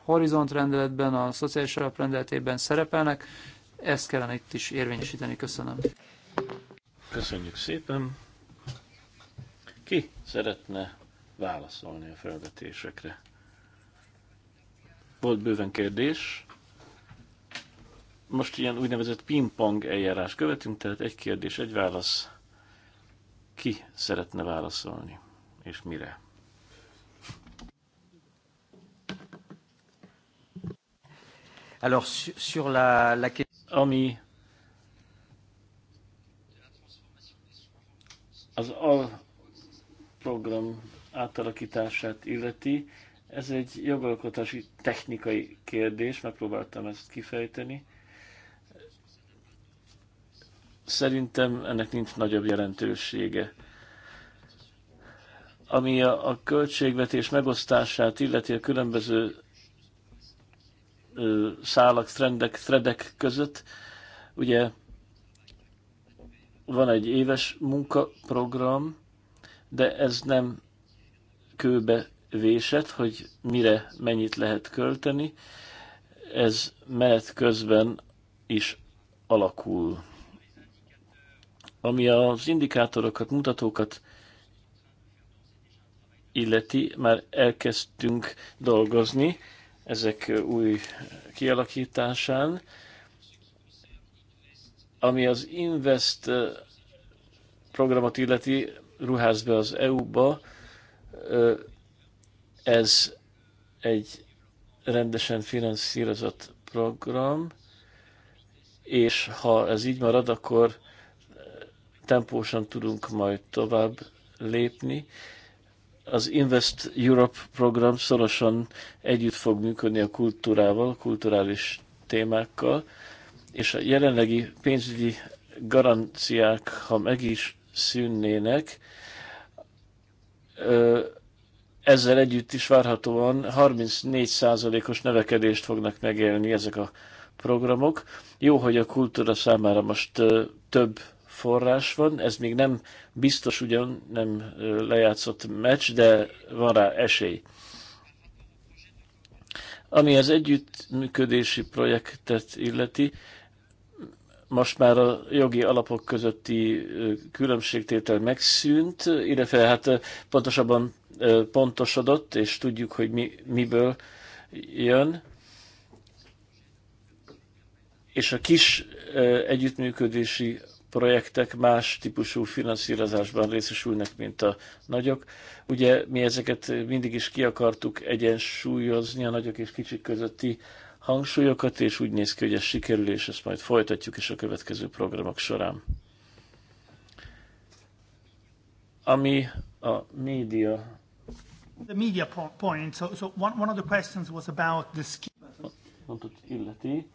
Horizont rendeletben, a Szociális Alaprendeletében szerepelnek, ezt kellene itt is érvényesíteni. Köszönöm. Köszönjük szépen. Ki szeretne válaszolni a felvetésekre? Volt bőven kérdés. Most ilyen úgynevezett pingpong eljárás követünk, tehát egy kérdés, egy válasz. Ki szeretne válaszolni, és mire? Alors, sur la, la... Ami az program átalakítását illeti, ez egy jogalkotási technikai kérdés, megpróbáltam ezt kifejteni. Szerintem ennek nincs nagyobb jelentősége. Ami a, a költségvetés megosztását illeti a különböző ö, szálak, trendek, tredek között, ugye van egy éves munkaprogram, de ez nem kőbe vésett, hogy mire mennyit lehet költeni, ez menet közben is alakul. Ami az indikátorokat, mutatókat illeti, már elkezdtünk dolgozni ezek új kialakításán. Ami az Invest programot illeti, ruház be az EU-ba, ez egy rendesen finanszírozott program, és ha ez így marad, akkor tempósan tudunk majd tovább lépni. Az Invest Europe program szorosan együtt fog működni a kultúrával, kulturális témákkal, és a jelenlegi pénzügyi garanciák, ha meg is szűnnének. Ezzel együtt is várhatóan 34%-os növekedést fognak megélni ezek a programok. Jó, hogy a kultúra számára most több forrás van, ez még nem biztos ugyan nem lejátszott meccs, de van rá esély. Ami az együttműködési projektet illeti, most már a jogi alapok közötti különbségtétel megszűnt, illetve hát pontosabban pontosodott, és tudjuk, hogy mi, miből jön. És a kis együttműködési projektek más típusú finanszírozásban részesülnek, mint a nagyok. Ugye mi ezeket mindig is ki akartuk egyensúlyozni a nagyok és kicsik közötti hangsúlyokat, és úgy néz ki, hogy ez sikerül, és ezt majd folytatjuk is a következő programok során. Ami a média The media point. So, so one, one of the questions was about the scheme. Pontot illeti.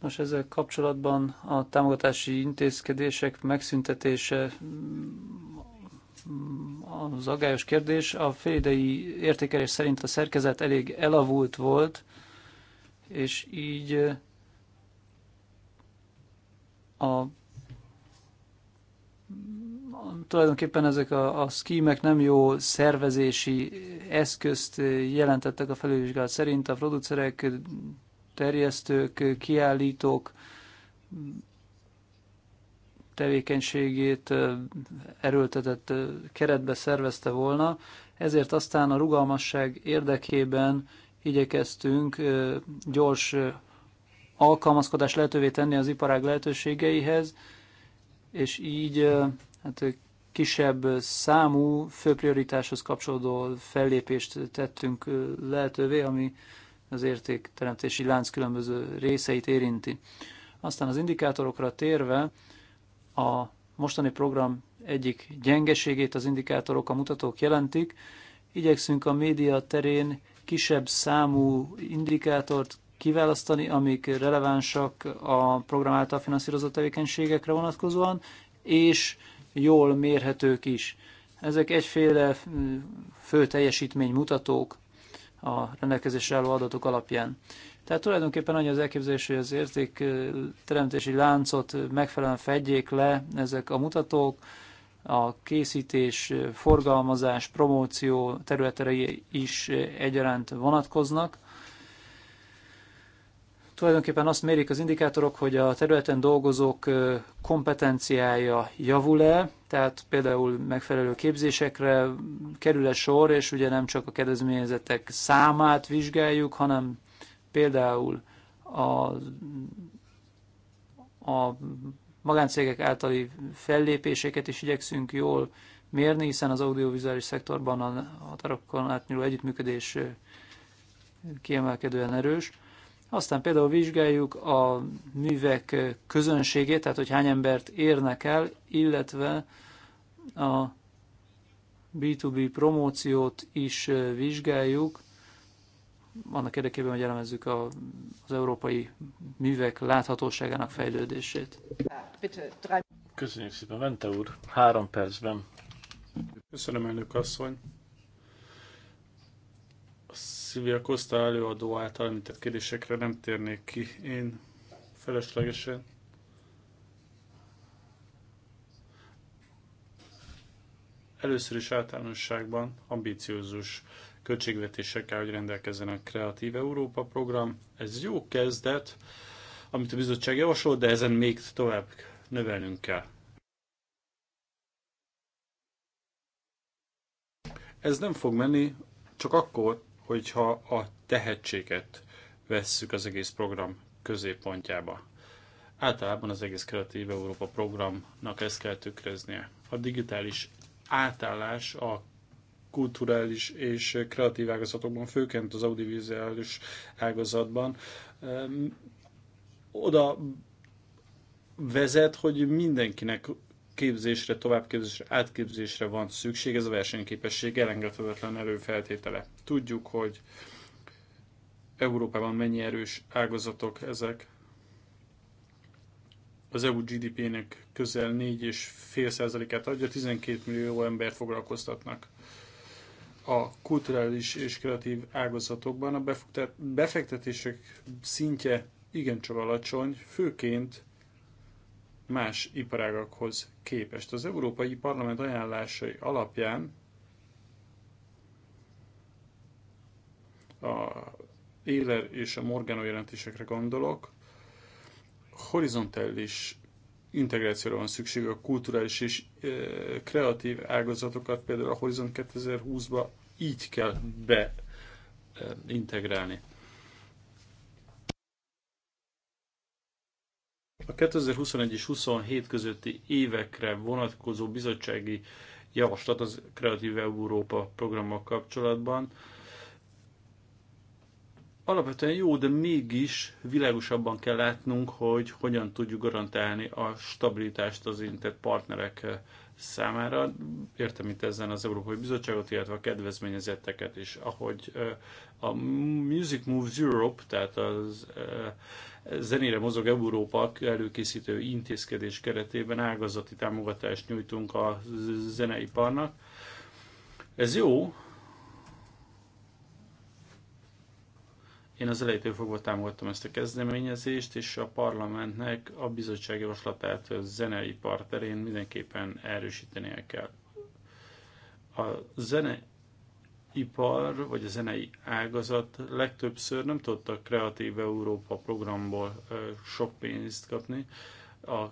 Nos, ezzel kapcsolatban a támogatási intézkedések megszüntetése az aggályos kérdés. A félidei értékelés szerint a szerkezet elég elavult volt, és így eh, a tulajdonképpen ezek a, a szkímek nem jó szervezési eszközt jelentettek a felülvizsgálat szerint. A producerek, terjesztők, kiállítók tevékenységét erőltetett keretbe szervezte volna, ezért aztán a rugalmasság érdekében igyekeztünk gyors alkalmazkodás lehetővé tenni az iparág lehetőségeihez, és így hát kisebb számú főprioritáshoz kapcsolódó fellépést tettünk lehetővé, ami az értékteremtési lánc különböző részeit érinti. Aztán az indikátorokra térve, a mostani program egyik gyengeségét az indikátorok, a mutatók jelentik. Igyekszünk a média terén kisebb számú indikátort kiválasztani, amik relevánsak a program által finanszírozott tevékenységekre vonatkozóan, és jól mérhetők is. Ezek egyféle mm, fő mutatók a rendelkezésre álló adatok alapján. Tehát tulajdonképpen annyi az elképzelés, hogy az értékteremtési láncot megfelelően fedjék le ezek a mutatók, a készítés, forgalmazás, promóció területei is egyaránt vonatkoznak. Tulajdonképpen azt mérik az indikátorok, hogy a területen dolgozók kompetenciája javul-e, tehát például megfelelő képzésekre kerül-e sor, és ugye nem csak a kedvezményezettek számát vizsgáljuk, hanem Például a, a magáncégek általi fellépéseket is igyekszünk jól mérni, hiszen az audiovizuális szektorban a határokon átnyúló együttműködés kiemelkedően erős. Aztán például vizsgáljuk a művek közönségét, tehát hogy hány embert érnek el, illetve a B2B promóciót is vizsgáljuk, annak érdekében, hogy elemezzük a, az európai művek láthatóságának fejlődését. Köszönjük szépen, Vente úr, három percben. Köszönöm, elnök asszony. A Szilvia Costa előadó által említett kérdésekre nem térnék ki én feleslegesen. Először is általánosságban ambíciózus költségvetéssel kell, hogy rendelkezzen a Kreatív Európa program. Ez jó kezdet, amit a bizottság javasol, de ezen még tovább növelnünk kell. Ez nem fog menni csak akkor, hogyha a tehetséget vesszük az egész program középpontjába. Általában az egész Kreatív Európa programnak ezt kell tükröznie. A digitális átállás a kulturális és kreatív ágazatokban, főként az audiovizuális ágazatban, oda vezet, hogy mindenkinek képzésre, továbbképzésre, átképzésre van szükség, ez a versenyképesség elengedhetetlen előfeltétele. Tudjuk, hogy Európában mennyi erős ágazatok ezek. Az EU GDP-nek közel 4,5%-át adja, 12 millió embert foglalkoztatnak a kulturális és kreatív ágazatokban a befektetések szintje igencsak alacsony, főként más iparágakhoz képest. Az Európai Parlament ajánlásai alapján a Éler és a Morgano jelentésekre gondolok, horizontális integrációra van szükség a kulturális és eh, kreatív ágazatokat, például a Horizon 2020-ba így kell beintegrálni. A 2021 és 27 közötti évekre vonatkozó bizottsági javaslat az Kreatív Európa programmal kapcsolatban alapvetően jó, de mégis világosabban kell látnunk, hogy hogyan tudjuk garantálni a stabilitást az intett partnerek számára. Értem itt ezen az Európai Bizottságot, illetve a kedvezményezetteket is. Ahogy a Music Moves Europe, tehát az zenére mozog Európa előkészítő intézkedés keretében ágazati támogatást nyújtunk a zeneiparnak. Ez jó, Én az elejétől fogva támogattam ezt a kezdeményezést, és a parlamentnek a bizottság javaslatát a zenei terén mindenképpen erősítenie kell. A ipar vagy a zenei ágazat legtöbbször nem tudta a Kreatív Európa programból sok pénzt kapni. A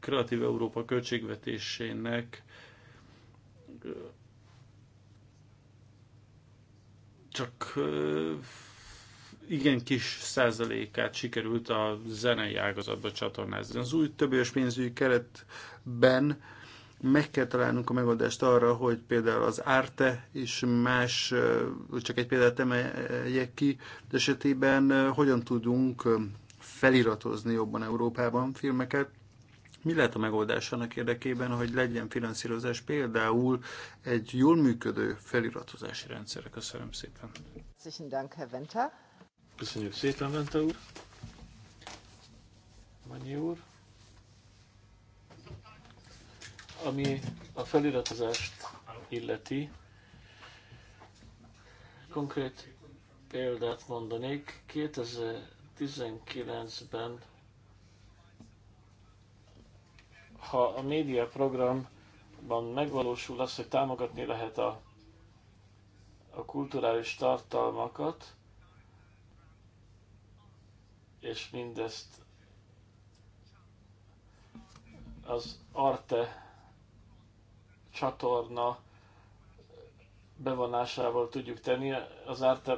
Kreatív Európa költségvetésének csak igen kis százalékát sikerült a zenei ágazatba csatornázni. Az új többős pénzügyi keretben meg kell találnunk a megoldást arra, hogy például az Arte és más, csak egy példát emeljek ki, esetében hogyan tudunk feliratozni jobban Európában filmeket, mi lehet a megoldás annak érdekében, hogy legyen finanszírozás például egy jól működő feliratozási rendszerre? Köszönöm szépen. Herr Winter. Köszönjük szépen, Vente úr. Mennyi úr. Ami a feliratozást illeti, konkrét példát mondanék. 2019-ben, ha a média programban megvalósul az, hogy támogatni lehet a, a kulturális tartalmakat, és mindezt az Arte csatorna bevonásával tudjuk tenni. Az Arte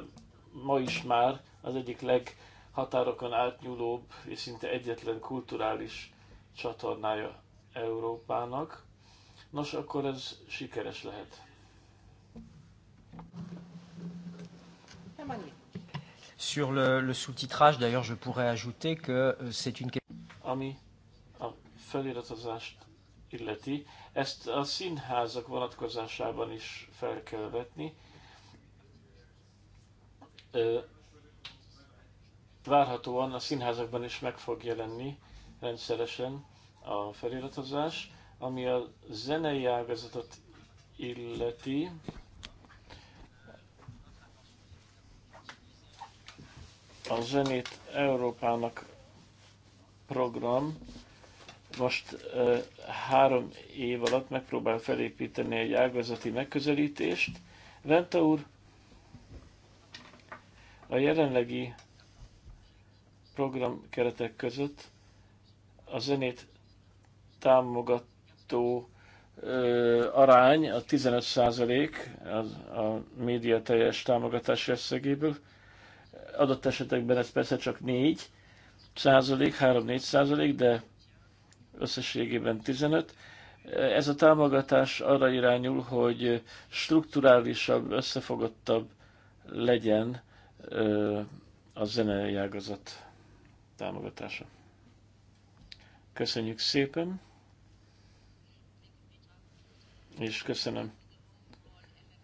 ma is már az egyik leghatárokon átnyúlóbb és szinte egyetlen kulturális csatornája Európának. Nos, akkor ez sikeres lehet. Nem annyit. Sur le, le sous-titrage, d'ailleurs, je pourrais ajouter que euh, c'est une Ami a feliratozást illeti, ezt a színházak vonatkozásában is fel kell vetni. Várhatóan a színházakban is meg fog jelenni rendszeresen a feliratozás, ami a zenei ágazatot illeti. a Zenit Európának program most három év alatt megpróbál felépíteni egy ágazati megközelítést. Venta úr, a jelenlegi program keretek között a zenét támogató ö, arány a 15% az, a média teljes támogatási összegéből, adott esetekben ez persze csak 4 százalék, 3-4 százalék, de összességében 15. Ez a támogatás arra irányul, hogy strukturálisabb, összefogottabb legyen a zenei ágazat támogatása. Köszönjük szépen, és köszönöm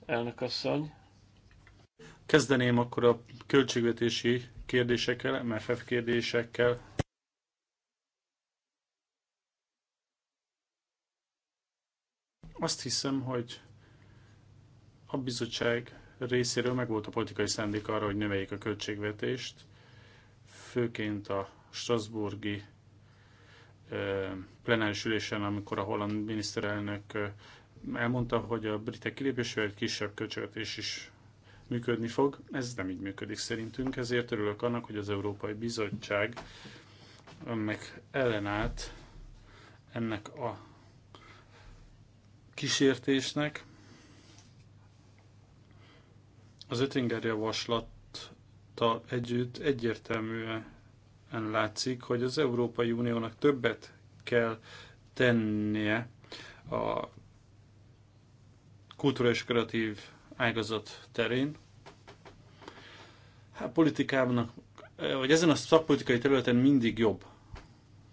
elnök asszony. Kezdeném akkor a költségvetési kérdésekkel, MFF kérdésekkel. Azt hiszem, hogy a bizottság részéről megvolt a politikai szándék arra, hogy növeljék a költségvetést, főként a Strasburgi plenáris ülésen, amikor a holland miniszterelnök elmondta, hogy a britek kilépésével kisebb költségvetés is működni fog. Ez nem így működik szerintünk, ezért örülök annak, hogy az Európai Bizottság önnek ellenállt ennek a kísértésnek. Az Ötinger javaslata együtt egyértelműen látszik, hogy az Európai Uniónak többet kell tennie a kulturális kreatív ágazat terén. Hát politikának, vagy ezen a szakpolitikai területen mindig jobb,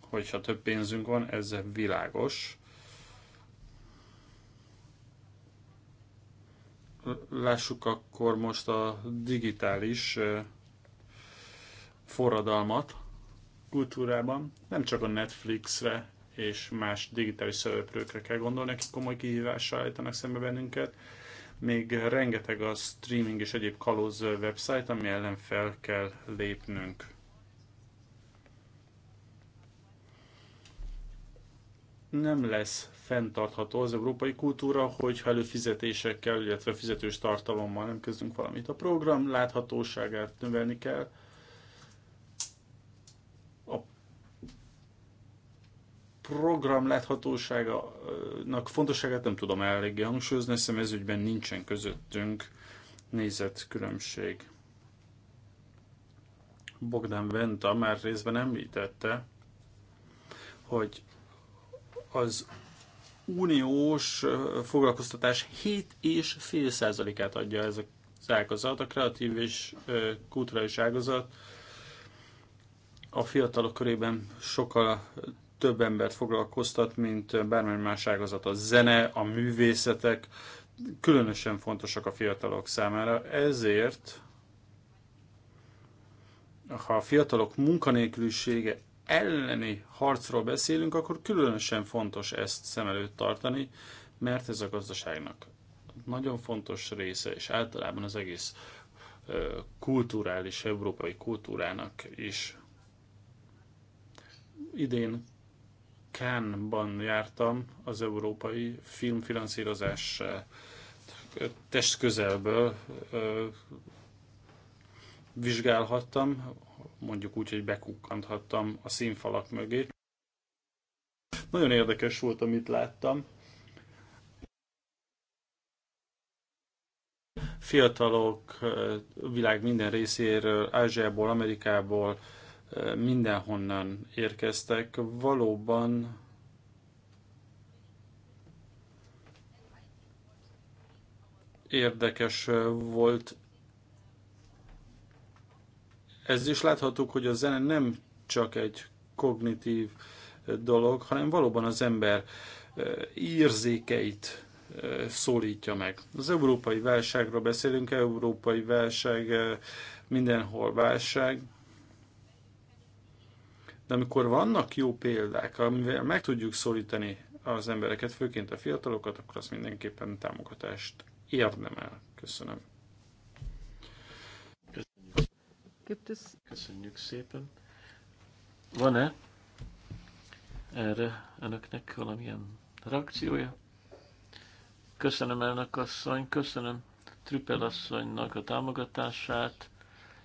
hogyha több pénzünk van, ez világos. Lássuk akkor most a digitális forradalmat kultúrában. Nem csak a Netflixre és más digitális szereplőkre kell gondolni, akik komoly kihívással állítanak szembe bennünket, még rengeteg a streaming és egyéb kalóz website, ami ellen fel kell lépnünk. Nem lesz fenntartható az európai kultúra, hogyha előfizetésekkel, illetve fizetős tartalommal nem kezdünk valamit. A program láthatóságát növelni kell, program láthatóságának fontosságát nem tudom eléggé hangsúlyozni, hiszem ez ügyben nincsen közöttünk nézetkülönbség. Bogdan Venta már részben említette, hogy az uniós foglalkoztatás 7,5%-át adja ez az ágazat, a kreatív és kulturális ágazat a fiatalok körében sokkal több embert foglalkoztat, mint bármely más ágazat. A zene, a művészetek különösen fontosak a fiatalok számára, ezért ha a fiatalok munkanélkülisége elleni harcról beszélünk, akkor különösen fontos ezt szem előtt tartani, mert ez a gazdaságnak nagyon fontos része, és általában az egész kulturális, európai kultúrának is. Idén Cannes-ban jártam az európai filmfinanszírozás test közelből vizsgálhattam, mondjuk úgy, hogy bekukkanthattam a színfalak mögé. Nagyon érdekes volt, amit láttam. Fiatalok világ minden részéről, Ázsiából, Amerikából, mindenhonnan érkeztek. Valóban érdekes volt. Ez is láthattuk, hogy a zene nem csak egy kognitív dolog, hanem valóban az ember érzékeit szólítja meg. Az európai válságról beszélünk, európai válság, mindenhol válság. De amikor vannak jó példák, amivel meg tudjuk szólítani az embereket, főként a fiatalokat, akkor az mindenképpen támogatást érdemel. Köszönöm. Köszönjük, Köszönjük szépen. Van-e erre önöknek valamilyen reakciója? Köszönöm elnök asszony, köszönöm Trüppel asszonynak a támogatását,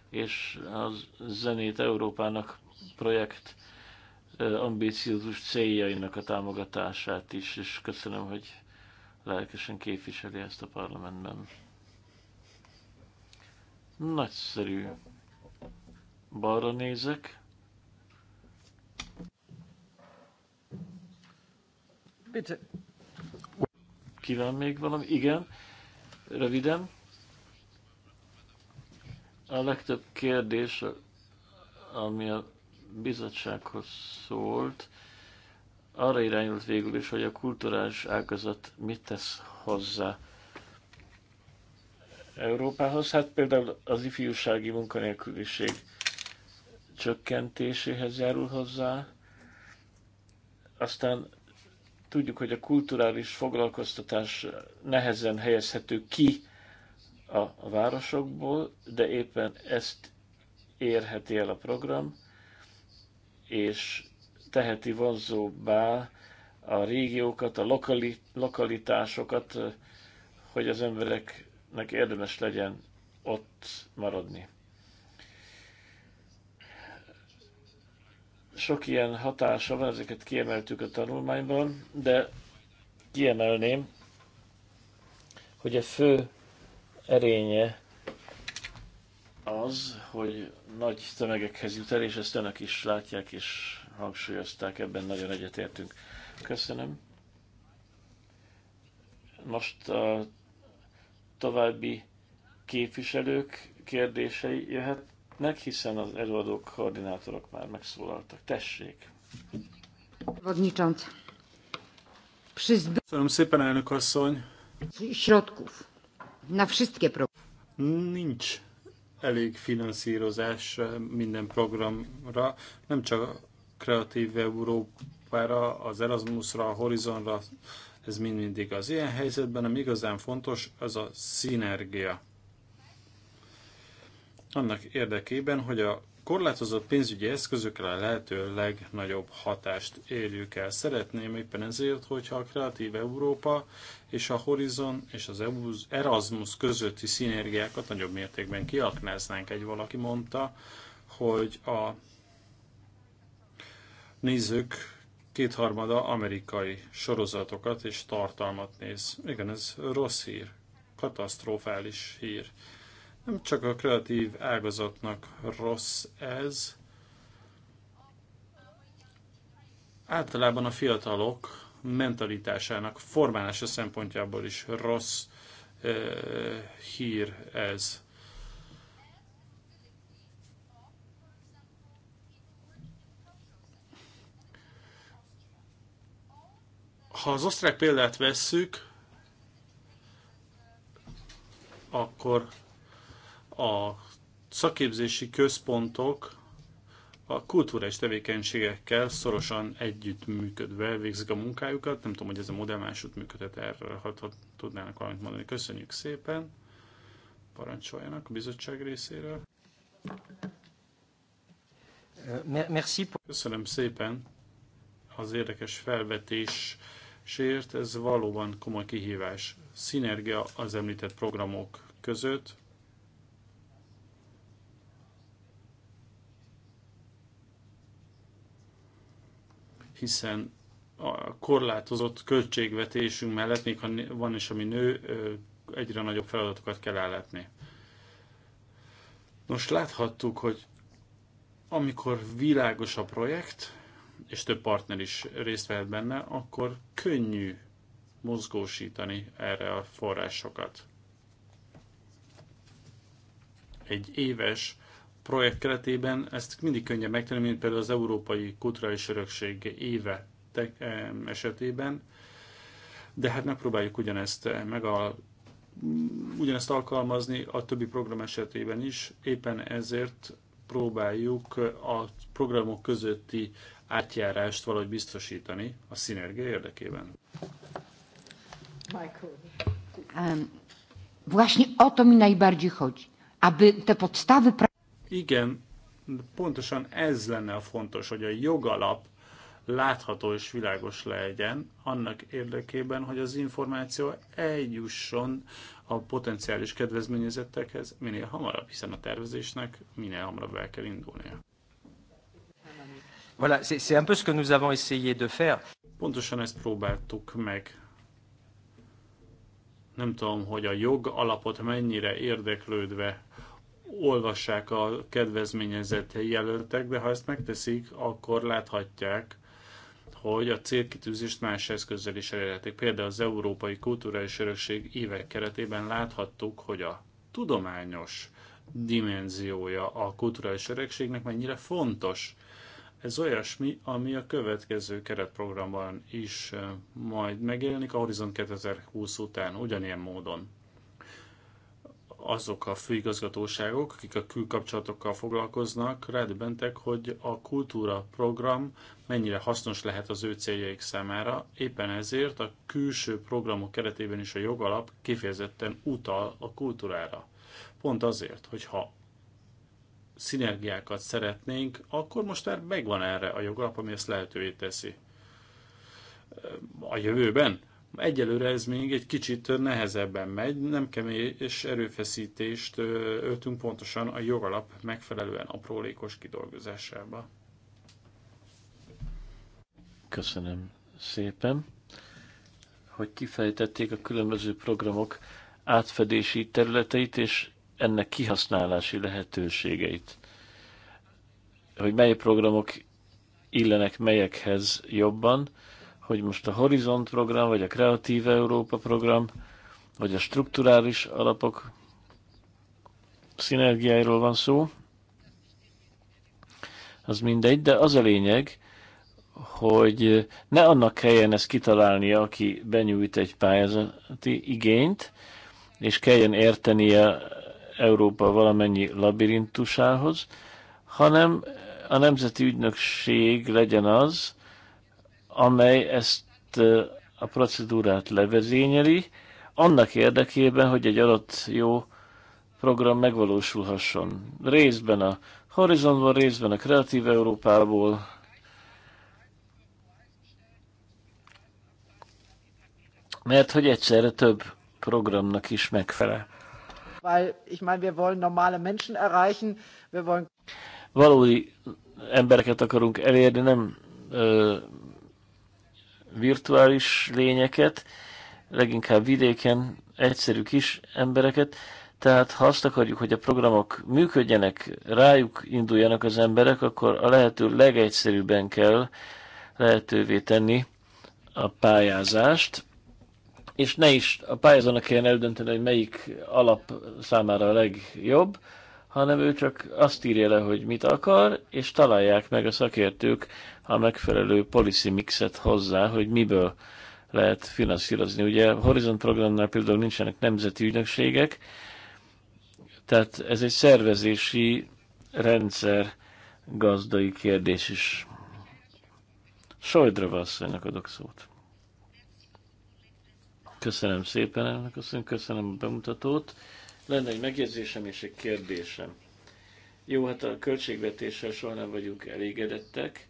és a zenét Európának projekt ambíciózus céljainak a támogatását is, és köszönöm, hogy lelkesen képviseli ezt a parlamentben. Nagyszerű. Balra nézek. Bitte. Kíván még valami? Igen. Röviden. A legtöbb kérdés, ami a bizottsághoz szólt, arra irányult végül is, hogy a kulturális ágazat mit tesz hozzá Európához. Hát például az ifjúsági munkanélküliség csökkentéséhez járul hozzá. Aztán tudjuk, hogy a kulturális foglalkoztatás nehezen helyezhető ki a városokból, de éppen ezt érheti el a program és teheti vonzóbbá a régiókat, a lokali, lokalitásokat, hogy az embereknek érdemes legyen ott maradni. Sok ilyen hatása van, ezeket kiemeltük a tanulmányban, de kiemelném, hogy a fő erénye az, hogy nagy tömegekhez jut el, és ezt önök is látják és hangsúlyozták, ebben nagyon egyetértünk. Köszönöm. Most a további képviselők kérdései jöhetnek, hiszen az előadók, koordinátorok már megszólaltak. Tessék! Köszönöm szépen, elnök asszony! Środków. Na wszystkie Nincs elég finanszírozás minden programra, nem csak kreatív Európára, az Erasmusra, a Horizonra, ez mind mindig az ilyen helyzetben, ami igazán fontos, az a szinergia. Annak érdekében, hogy a korlátozott pénzügyi eszközökre a lehető legnagyobb hatást érjük el. Szeretném éppen ezért, hogyha a Kreatív Európa és a Horizon és az e Erasmus közötti szinergiákat nagyobb mértékben kiaknáznánk. Egy valaki mondta, hogy a nézők kétharmada amerikai sorozatokat és tartalmat néz. Igen, ez rossz hír, katasztrofális hír nem csak a kreatív ágazatnak rossz ez, általában a fiatalok mentalitásának formálása szempontjából is rossz uh, hír ez. Ha az osztrák példát vesszük, akkor a szakképzési központok a kulturális tevékenységekkel szorosan együttműködve végzik a munkájukat. Nem tudom, hogy ez a modell másút működhet erről, ha tudnának valamit mondani. Köszönjük szépen. Parancsoljanak a bizottság részéről. Euh, merci. Köszönöm szépen az érdekes felvetésért. Ez valóban komoly kihívás. Szinergia az említett programok között, hiszen a korlátozott költségvetésünk mellett, még ha van is, ami nő, egyre nagyobb feladatokat kell ellátni. Nos, láthattuk, hogy amikor világos a projekt, és több partner is részt vehet benne, akkor könnyű mozgósítani erre a forrásokat. Egy éves projekt keretében ezt mindig könnyebb megtenni, mint például az Európai Kulturális Örökség éve esetében, de hát megpróbáljuk ugyanezt eh, meg a ugyanezt alkalmazni a többi program esetében is, éppen ezért próbáljuk a programok közötti átjárást valahogy biztosítani a szinergia érdekében. Michael. Um, właśnie o to mi najbardziej chodzi, aby te podstawy pra- igen, pontosan ez lenne a fontos, hogy a jogalap látható és világos legyen annak érdekében, hogy az információ eljusson a potenciális kedvezményezettekhez minél hamarabb, hiszen a tervezésnek minél hamarabb el kell indulnia. Voilà, c'est un peu ce que nous avons essayé de faire. Pontosan ezt próbáltuk meg. Nem tudom, hogy a jog alapot mennyire érdeklődve olvassák a kedvezményezett jelöltek, de ha ezt megteszik, akkor láthatják, hogy a célkitűzést más eszközzel is elérhetik. Például az Európai Kulturális Örökség évek keretében láthattuk, hogy a tudományos dimenziója a kulturális örökségnek mennyire fontos. Ez olyasmi, ami a következő keretprogramban is majd megjelenik a Horizon 2020 után, ugyanilyen módon azok a főigazgatóságok, akik a külkapcsolatokkal foglalkoznak, rádöbentek, hogy a kultúra program mennyire hasznos lehet az ő céljaik számára. Éppen ezért a külső programok keretében is a jogalap kifejezetten utal a kultúrára. Pont azért, hogyha szinergiákat szeretnénk, akkor most már megvan erre a jogalap, ami ezt lehetővé teszi. A jövőben Egyelőre ez még egy kicsit nehezebben megy, nem kemény és erőfeszítést öltünk pontosan a jogalap megfelelően aprólékos kidolgozásába. Köszönöm szépen, hogy kifejtették a különböző programok átfedési területeit és ennek kihasználási lehetőségeit. Hogy mely programok illenek melyekhez jobban, hogy most a Horizont program, vagy a Kreatív Európa program, vagy a strukturális alapok szinergiáiról van szó, az mindegy, de az a lényeg, hogy ne annak kelljen ezt kitalálnia, aki benyújt egy pályázati igényt, és kelljen értenie Európa valamennyi labirintusához, hanem a nemzeti ügynökség legyen az, amely ezt a procedúrát levezényeli, annak érdekében, hogy egy adott jó program megvalósulhasson. Részben a Horizontból, részben a Kreatív Európából. Mert hogy egyszerre több programnak is megfelel. Weil, ich meine, wir wollen normale Menschen erreichen, wir wollen... Valódi embereket akarunk elérni, nem ö, virtuális lényeket, leginkább vidéken egyszerű kis embereket, tehát ha azt akarjuk, hogy a programok működjenek, rájuk induljanak az emberek, akkor a lehető legegyszerűbben kell lehetővé tenni a pályázást, és ne is a pályázónak kell eldönteni, hogy melyik alap számára a legjobb, hanem ő csak azt írja le, hogy mit akar, és találják meg a szakértők a megfelelő policy mixet hozzá, hogy miből lehet finanszírozni. Ugye a Horizon programnál például nincsenek nemzeti ügynökségek, tehát ez egy szervezési rendszer gazdai kérdés is. Sojdrova asszonynak adok szót. Köszönöm szépen, elnök asszony, köszönöm a bemutatót. Lenne egy megjegyzésem és egy kérdésem. Jó, hát a költségvetéssel soha nem vagyunk elégedettek,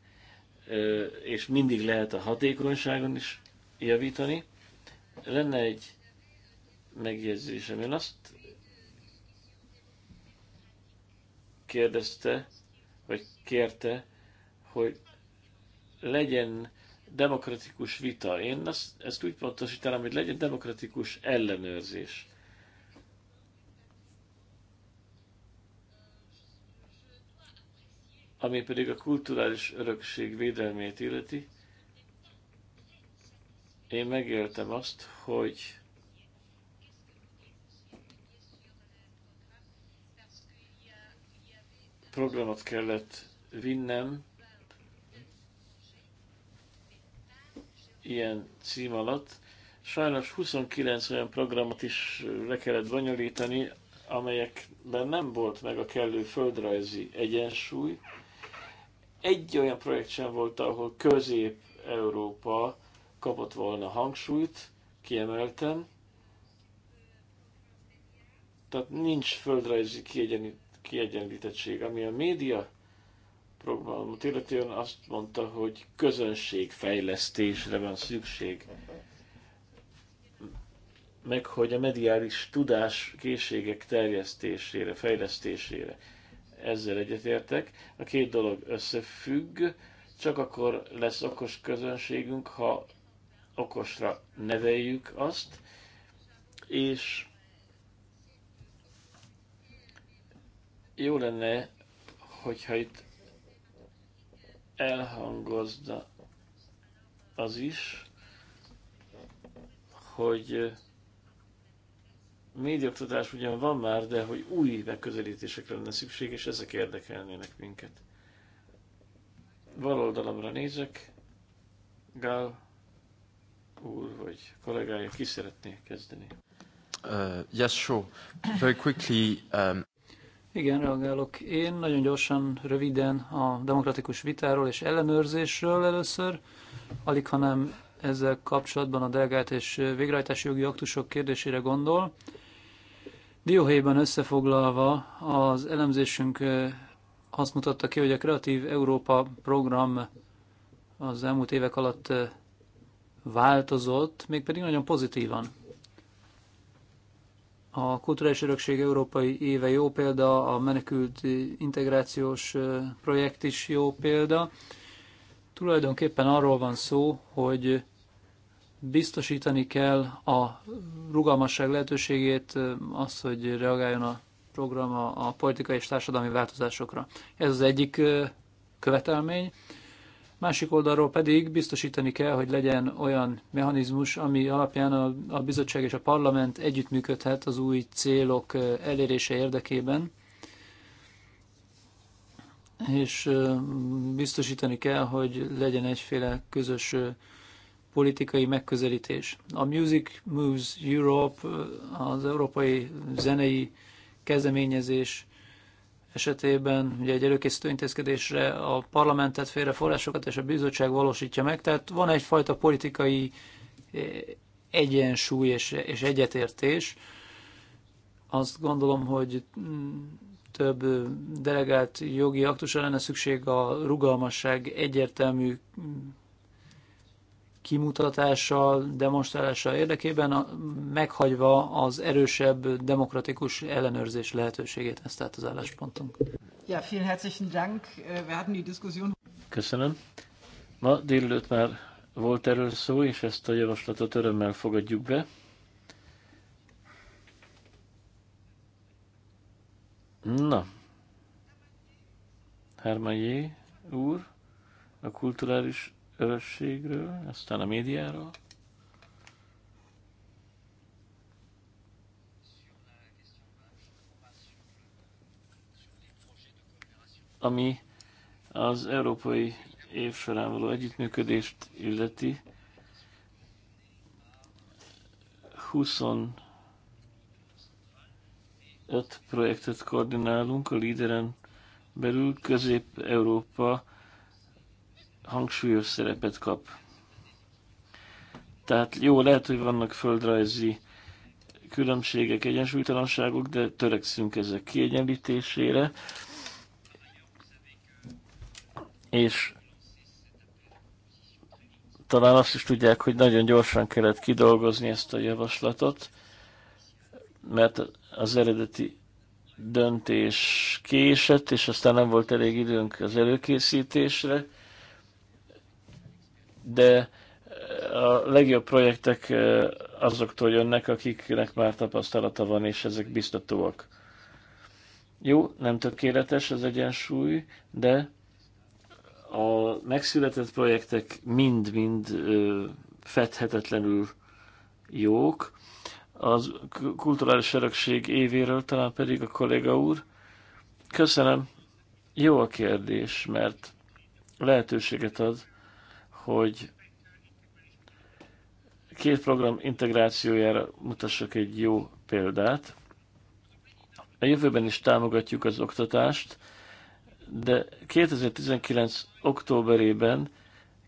és mindig lehet a hatékonyságon is javítani. Lenne egy megjegyzésem. Én azt kérdezte, vagy kérte, hogy legyen demokratikus vita. Én azt, ezt úgy pontosítanám, hogy legyen demokratikus ellenőrzés. ami pedig a kulturális örökség védelmét illeti, én megéltem azt, hogy programot kellett vinnem ilyen cím alatt. Sajnos 29 olyan programot is le kellett bonyolítani, amelyekben nem volt meg a kellő földrajzi egyensúly, egy olyan projekt sem volt, ahol Közép-Európa kapott volna hangsúlyt, kiemelten. Tehát nincs földrajzi kiegyenlítettség. Ami a média programot illetően azt mondta, hogy közönségfejlesztésre van szükség. Meg hogy a mediális tudás készségek terjesztésére, fejlesztésére ezzel egyetértek. A két dolog összefügg, csak akkor lesz okos közönségünk, ha okosra neveljük azt, és jó lenne, hogyha itt elhangozna az is, hogy médioktatás ugyan van már, de hogy új megközelítésekre lenne szükség, és ezek érdekelnének minket. Valoldalamra nézek, Gál úr vagy kollégája, ki szeretné kezdeni? Uh, yes, sure. Very quickly, um... Igen, reagálok. Én nagyon gyorsan, röviden a demokratikus vitáról és ellenőrzésről először, alig hanem ezzel kapcsolatban a delegált és végrehajtási jogi aktusok kérdésére gondol. Dióhéjban összefoglalva az elemzésünk azt mutatta ki, hogy a Kreatív Európa program az elmúlt évek alatt változott, mégpedig nagyon pozitívan. A Kulturális Örökség Európai Éve jó példa, a menekült integrációs projekt is jó példa. Tulajdonképpen arról van szó, hogy Biztosítani kell a rugalmasság lehetőségét, az, hogy reagáljon a program a, a politikai és társadalmi változásokra. Ez az egyik követelmény. Másik oldalról pedig biztosítani kell, hogy legyen olyan mechanizmus, ami alapján a, a bizottság és a parlament együttműködhet az új célok elérése érdekében, és biztosítani kell, hogy legyen egyféle közös politikai megközelítés. A Music Moves Europe, az európai zenei kezdeményezés esetében ugye egy előkészítő intézkedésre a parlamentet félre forrásokat és a bizottság valósítja meg, tehát van egyfajta politikai eh, egyensúly és, és egyetértés. Azt gondolom, hogy több delegált jogi aktusra lenne szükség a rugalmasság egyértelmű kimutatása, demonstrálása érdekében, meghagyva az erősebb demokratikus ellenőrzés lehetőségét. Ez tehát az álláspontunk. Ja, vielen herzlichen Dank. Äh, wir hatten die Diskussion. Köszönöm. Ma délelőtt már volt erről szó, és ezt a javaslatot örömmel fogadjuk be. Na, Hermanyé úr, a kulturális örösségről, aztán a médiáról. Ami az európai év során való együttműködést illeti, 25 projektet koordinálunk a líderen belül Közép-Európa hangsúlyos szerepet kap. Tehát jó, lehet, hogy vannak földrajzi különbségek, egyensúlytalanságok, de törekszünk ezek kiegyenlítésére. És talán azt is tudják, hogy nagyon gyorsan kellett kidolgozni ezt a javaslatot, mert az eredeti döntés késett, és aztán nem volt elég időnk az előkészítésre de eh, a legjobb projektek eh, azoktól jönnek, akiknek már tapasztalata van, és ezek biztatóak. Jó, nem tökéletes az egyensúly, de a megszületett projektek mind-mind fedhetetlenül jók. Az kulturális örökség évéről talán pedig a kolléga úr. Köszönöm. Jó a kérdés, mert lehetőséget ad hogy két program integrációjára mutassak egy jó példát. A jövőben is támogatjuk az oktatást, de 2019. októberében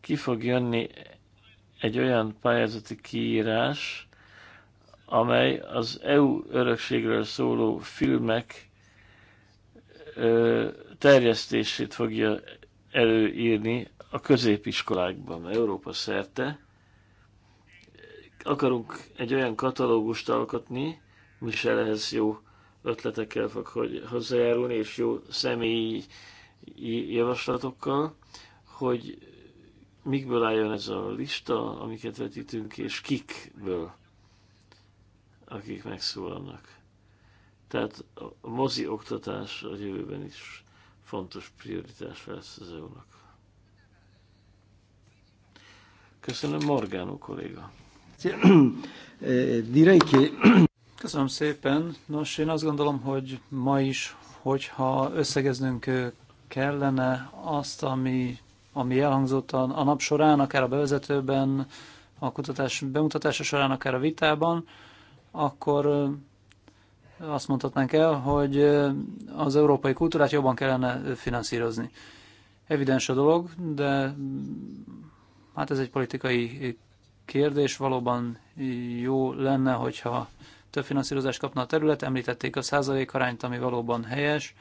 ki fog jönni egy olyan pályázati kiírás, amely az EU örökségről szóló filmek terjesztését fogja előírni a középiskolákban, Európa szerte. Akarunk egy olyan katalógust alkotni, Michel ehhez jó ötletekkel fog hogy hozzájárulni, és jó személyi javaslatokkal, hogy mikből álljon ez a lista, amiket vetítünk, és kikből, akik megszólalnak. Tehát a mozi oktatás a jövőben is fontos prioritás lesz az EU-nak. Köszönöm, Morgánó kolléga. Eh, Köszönöm szépen. Nos, én azt gondolom, hogy ma is, hogyha összegeznünk eh, kellene azt, ami, ami elhangzott a, a nap során, akár a bevezetőben, a kutatás bemutatása során, akár a vitában, akkor eh, azt mondhatnánk el, hogy az európai kultúrát jobban kellene finanszírozni. Evidens a dolog, de mm, hát ez egy politikai kérdés. Valóban jó lenne, hogyha több finanszírozást kapna a terület. Említették a százalék arányt, ami valóban helyes.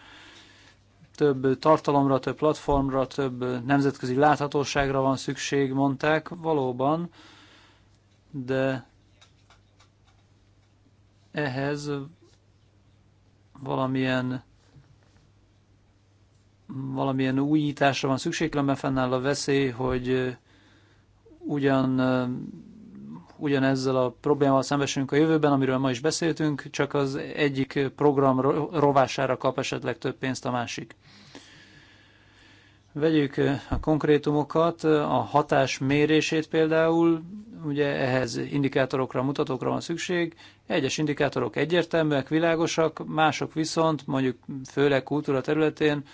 Több tartalomra, több platformra, több nemzetközi láthatóságra van szükség, mondták. Valóban, de ehhez valamilyen valamilyen újításra van szükség, különben fennáll a veszély, hogy ugyan ugyanezzel a problémával szembesülünk a jövőben, amiről ma is beszéltünk, csak az egyik program rovására kap esetleg több pénzt a másik. Vegyük a konkrétumokat, a hatás mérését például, ugye ehhez indikátorokra, mutatókra van szükség. Egyes indikátorok egyértelműek, világosak, mások viszont, mondjuk főleg kultúra területén,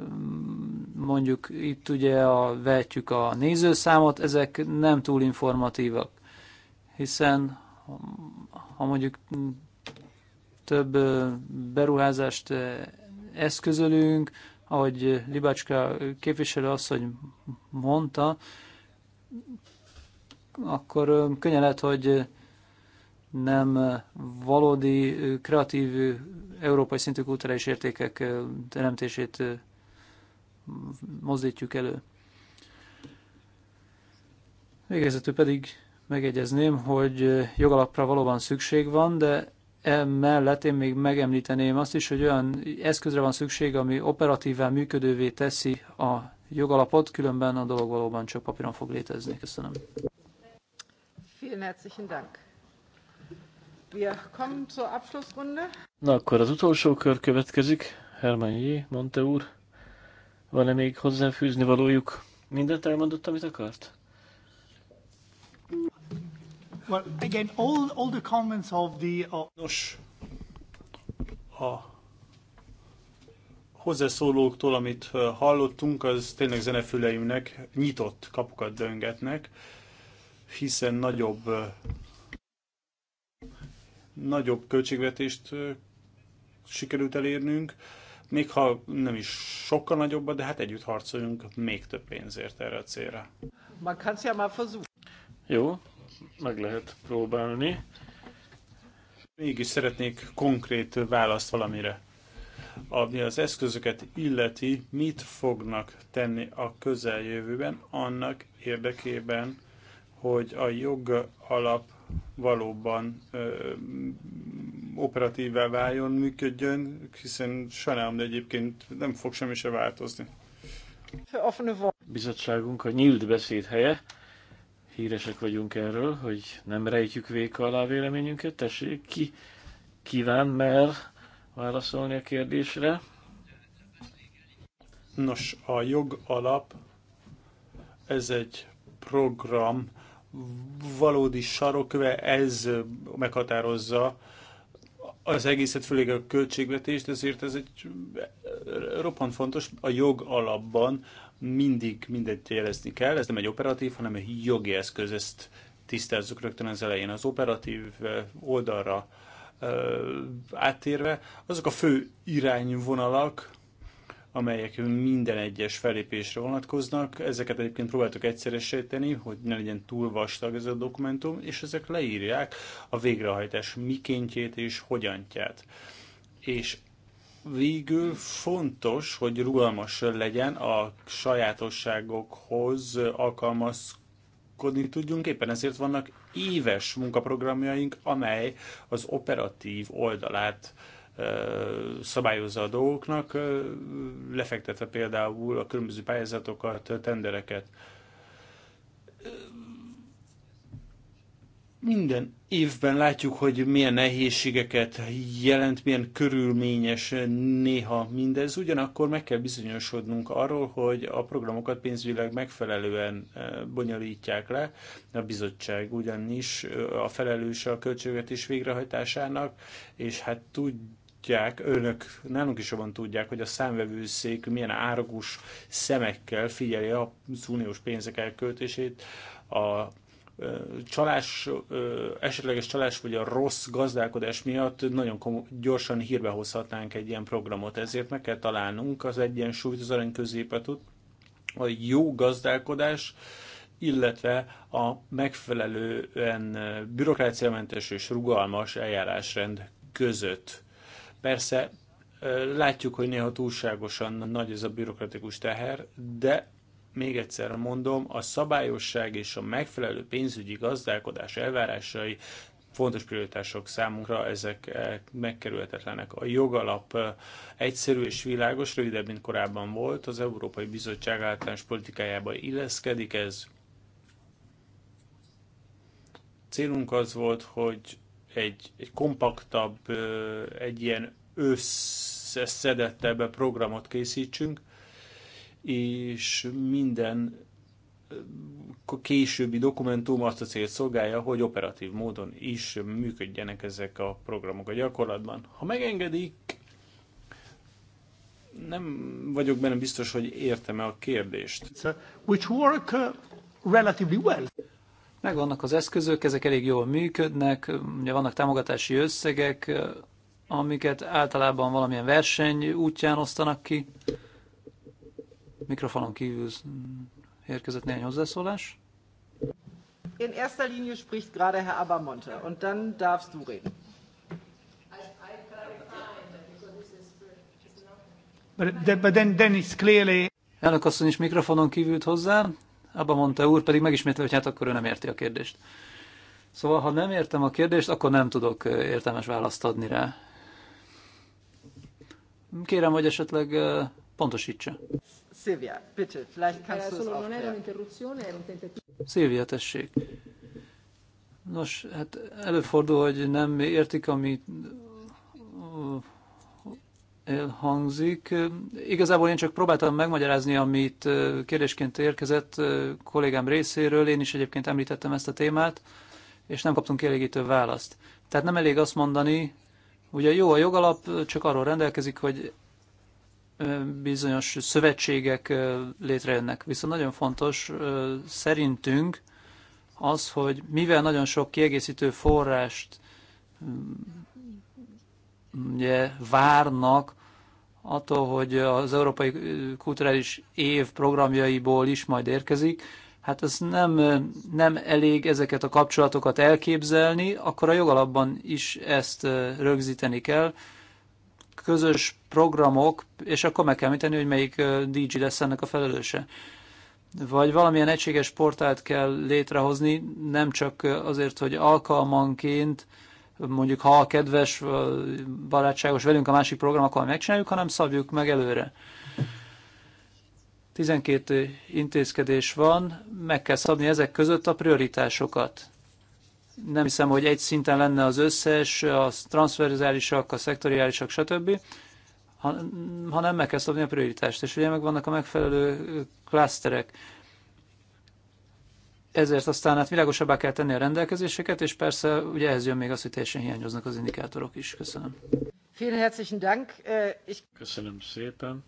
mm, mondjuk itt ugye a, vehetjük a nézőszámot, ezek nem túl informatívak, hiszen ha mondjuk több beruházást eszközölünk, ahogy Libácska képviselő asszony mondta, akkor könnyen lehet, hogy nem valódi, kreatív, európai szintű kulturális értékek teremtését mozdítjuk elő. Végezetül pedig megegyezném, hogy jogalapra valóban szükség van, de Emellett én még megemlíteném azt is, hogy olyan eszközre van szükség, ami operatívvel működővé teszi a jogalapot, különben a dolog valóban csak papíron fog létezni. Köszönöm. Vielen herzlichen Dank. Wir kommen zur Abschlussrunde. Na akkor az utolsó kör következik. Hermann J. Monte úr. Van-e még hozzáfűzni valójuk? Mindent elmondott, amit akart? Well, again, all, all the comments of the... Uh... Nos, a hozzászólóktól, amit uh, hallottunk, az tényleg zenefüleimnek nyitott kapukat döngetnek, hiszen nagyobb uh, nagyobb költségvetést uh, sikerült elérnünk, még ha nem is sokkal nagyobb, de hát együtt harcoljunk még több pénzért erre a célra. Jó, meg lehet próbálni. Mégis szeretnék konkrét választ valamire. Ami az eszközöket illeti, mit fognak tenni a közeljövőben annak érdekében, hogy a jog alap valóban ö, operatívvá váljon, működjön, hiszen sajnálom, de egyébként nem fog semmi se változni. Bizottságunk a nyílt beszéd helye híresek vagyunk erről, hogy nem rejtjük véka alá véleményünket. Tessék, ki kíván, mer válaszolni a kérdésre? Nos, a jog alap ez egy program, valódi sarokve, ez meghatározza az egészet, főleg a költségvetést, ezért ez egy roppant fontos, a jog alapban mindig mindet jelezni kell, ez nem egy operatív, hanem egy jogi eszköz, ezt tisztázzuk rögtön az elején. Az operatív oldalra áttérve, azok a fő irányvonalak, amelyek minden egyes felépésre vonatkoznak. Ezeket egyébként próbáltuk egyszeresíteni, hogy ne legyen túl vastag ez a dokumentum, és ezek leírják a végrehajtás mikéntjét és hogyantját. És végül fontos, hogy rugalmas legyen a sajátosságokhoz alkalmazkodni tudjunk. Éppen ezért vannak éves munkaprogramjaink, amely az operatív oldalát szabályozza a dolgoknak, lefektetve például a különböző pályázatokat, tendereket minden évben látjuk, hogy milyen nehézségeket jelent, milyen körülményes néha mindez. Ugyanakkor meg kell bizonyosodnunk arról, hogy a programokat pénzügyileg megfelelően eh, bonyolítják le. A bizottság ugyanis eh, a felelőse a költségvetés végrehajtásának, és hát tudják, önök nálunk is abban tudják, hogy a számvevőszék milyen árgus szemekkel figyeli az uniós pénzek elköltését, a csalás, esetleges csalás vagy a rossz gazdálkodás miatt nagyon komoly, gyorsan hírbe hozhatnánk egy ilyen programot. Ezért meg kell találnunk az egyensúlyt, az arany középetut, a jó gazdálkodás, illetve a megfelelően bürokráciamentes és rugalmas eljárásrend között. Persze látjuk, hogy néha túlságosan nagy ez a bürokratikus teher, de még egyszer mondom, a szabályosság és a megfelelő pénzügyi gazdálkodás elvárásai fontos prioritások számunkra, ezek eh, megkerülhetetlenek. A jogalap eh, egyszerű és világos, rövidebb, mint korábban volt, az Európai Bizottság általános politikájába illeszkedik ez. Célunk az volt, hogy egy, egy kompaktabb, eh, egy ilyen összeszedettebb programot készítsünk, és minden későbbi dokumentum azt a célt szolgálja, hogy operatív módon is működjenek ezek a programok a gyakorlatban. Ha megengedik, nem vagyok benne biztos, hogy értem-e a kérdést. Which work uh, relatively well. Megvannak az eszközök, ezek elég jól működnek, ugye vannak támogatási összegek, amiket általában valamilyen verseny útján osztanak ki. Mikrofonon kívül érkezett néhány hozzászólás. In erster Linie spricht gerade Herr Abamonte und dann darfst du reden. But, then, then it's clearly... Elnök asszony is mikrofonon kívült hozzá, abba mondta úr, pedig megismétli, hogy hát akkor ő nem érti a kérdést. Szóval, ha nem értem a kérdést, akkor nem tudok értelmes választ adni rá. Kérem, hogy esetleg Pontosítsa. Silvia, bitte, vielleicht kannst du es Szilvia, tessék. Nos, hát előfordul, hogy nem értik, amit uh, elhangzik. Igazából én csak próbáltam megmagyarázni, amit uh, kérdésként érkezett uh, kollégám részéről. Én is egyébként említettem ezt a témát, és nem kaptunk kielégítő választ. Tehát nem elég azt mondani, ugye jó a jogalap, csak arról rendelkezik, hogy bizonyos szövetségek létrejönnek. Viszont nagyon fontos szerintünk az, hogy mivel nagyon sok kiegészítő forrást mm, ugye, várnak attól, hogy az Európai Kulturális Év programjaiból is majd érkezik, hát ez nem, nem elég ezeket a kapcsolatokat elképzelni, akkor a jogalapban is ezt rögzíteni kell, közös programok, és akkor meg kell említeni, hogy melyik DJ lesz ennek a felelőse. Vagy valamilyen egységes portált kell létrehozni, nem csak azért, hogy alkalmanként mondjuk ha a kedves, barátságos velünk a másik program, akkor megcsináljuk, hanem szabjuk meg előre. 12 intézkedés van, meg kell szabni ezek között a prioritásokat nem hiszem, hogy egy szinten lenne az összes, a transferzálisak, a szektoriálisak, stb., hanem meg kell szabni a prioritást, és ugye vannak a megfelelő klaszterek. Ezért aztán hát világosabbá kell tenni a rendelkezéseket, és persze ugye ehhez jön még az, hogy teljesen hiányoznak az indikátorok is. Köszönöm. Vielen herzlichen Dank. Äh, Köszönöm szépen.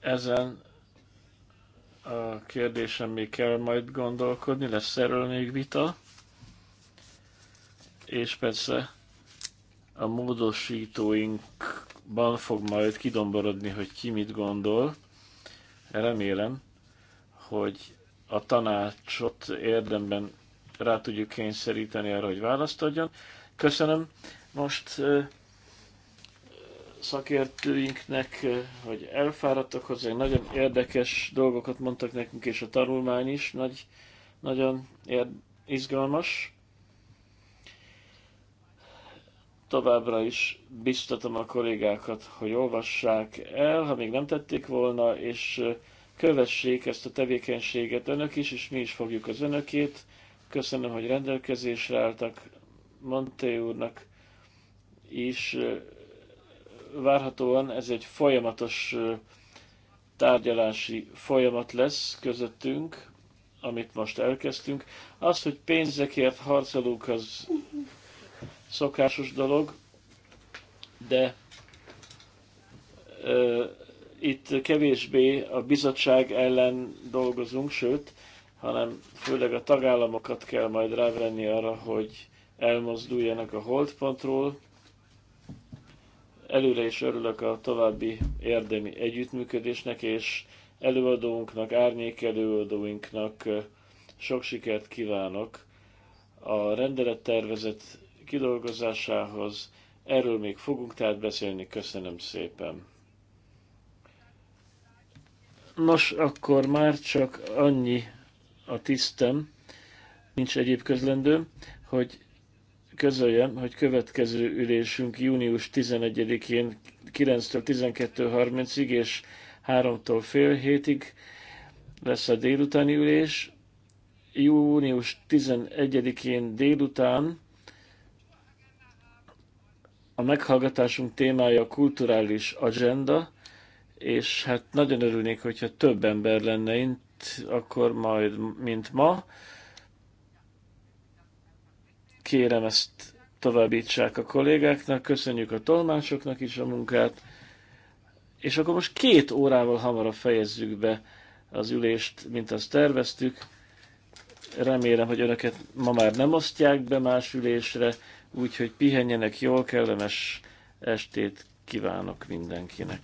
Ezen a kérdésem még kell majd gondolkodni, lesz erről még vita, és persze a módosítóinkban fog majd kidomborodni, hogy ki mit gondol. Remélem, hogy a tanácsot érdemben rá tudjuk kényszeríteni arra, hogy választ adjon. Köszönöm. Most szakértőinknek, eh, hogy elfáradtak hozzá, nagyon érdekes dolgokat mondtak nekünk, és a tanulmány is nagy, nagyon érd- izgalmas. Továbbra is biztatom a kollégákat, hogy olvassák el, ha még nem tették volna, és eh, kövessék ezt a tevékenységet önök is, és mi is fogjuk az önökét. Köszönöm, hogy rendelkezésre álltak Monté úrnak is eh, várhatóan ez egy folyamatos tárgyalási folyamat lesz közöttünk, amit most elkezdtünk. Az, hogy pénzekért harcolunk, az szokásos dolog, de ö, itt kevésbé a bizottság ellen dolgozunk, sőt, hanem főleg a tagállamokat kell majd rávenni arra, hogy elmozduljanak a holdpontról, Előre is örülök a további érdemi együttműködésnek, és előadóinknak, árnyék előadóinknak sok sikert kívánok a rendelettervezet kidolgozásához. Erről még fogunk tehát beszélni. Köszönöm szépen! Nos, akkor már csak annyi a tisztem, nincs egyéb közlendő, hogy közöljem, hogy következő ülésünk június 11-én 9-től 12.30-ig és 3-tól fél hétig lesz a délutáni ülés. Június 11-én délután a meghallgatásunk témája a kulturális agenda, és hát nagyon örülnék, hogyha több ember lenne itt, akkor majd, mint ma. Kérem ezt továbbítsák a kollégáknak, köszönjük a tolmácsoknak is a munkát, és akkor most két órával hamarabb fejezzük be az ülést, mint azt terveztük. Remélem, hogy önöket ma már nem osztják be más ülésre, úgyhogy pihenjenek jól, kellemes estét kívánok mindenkinek.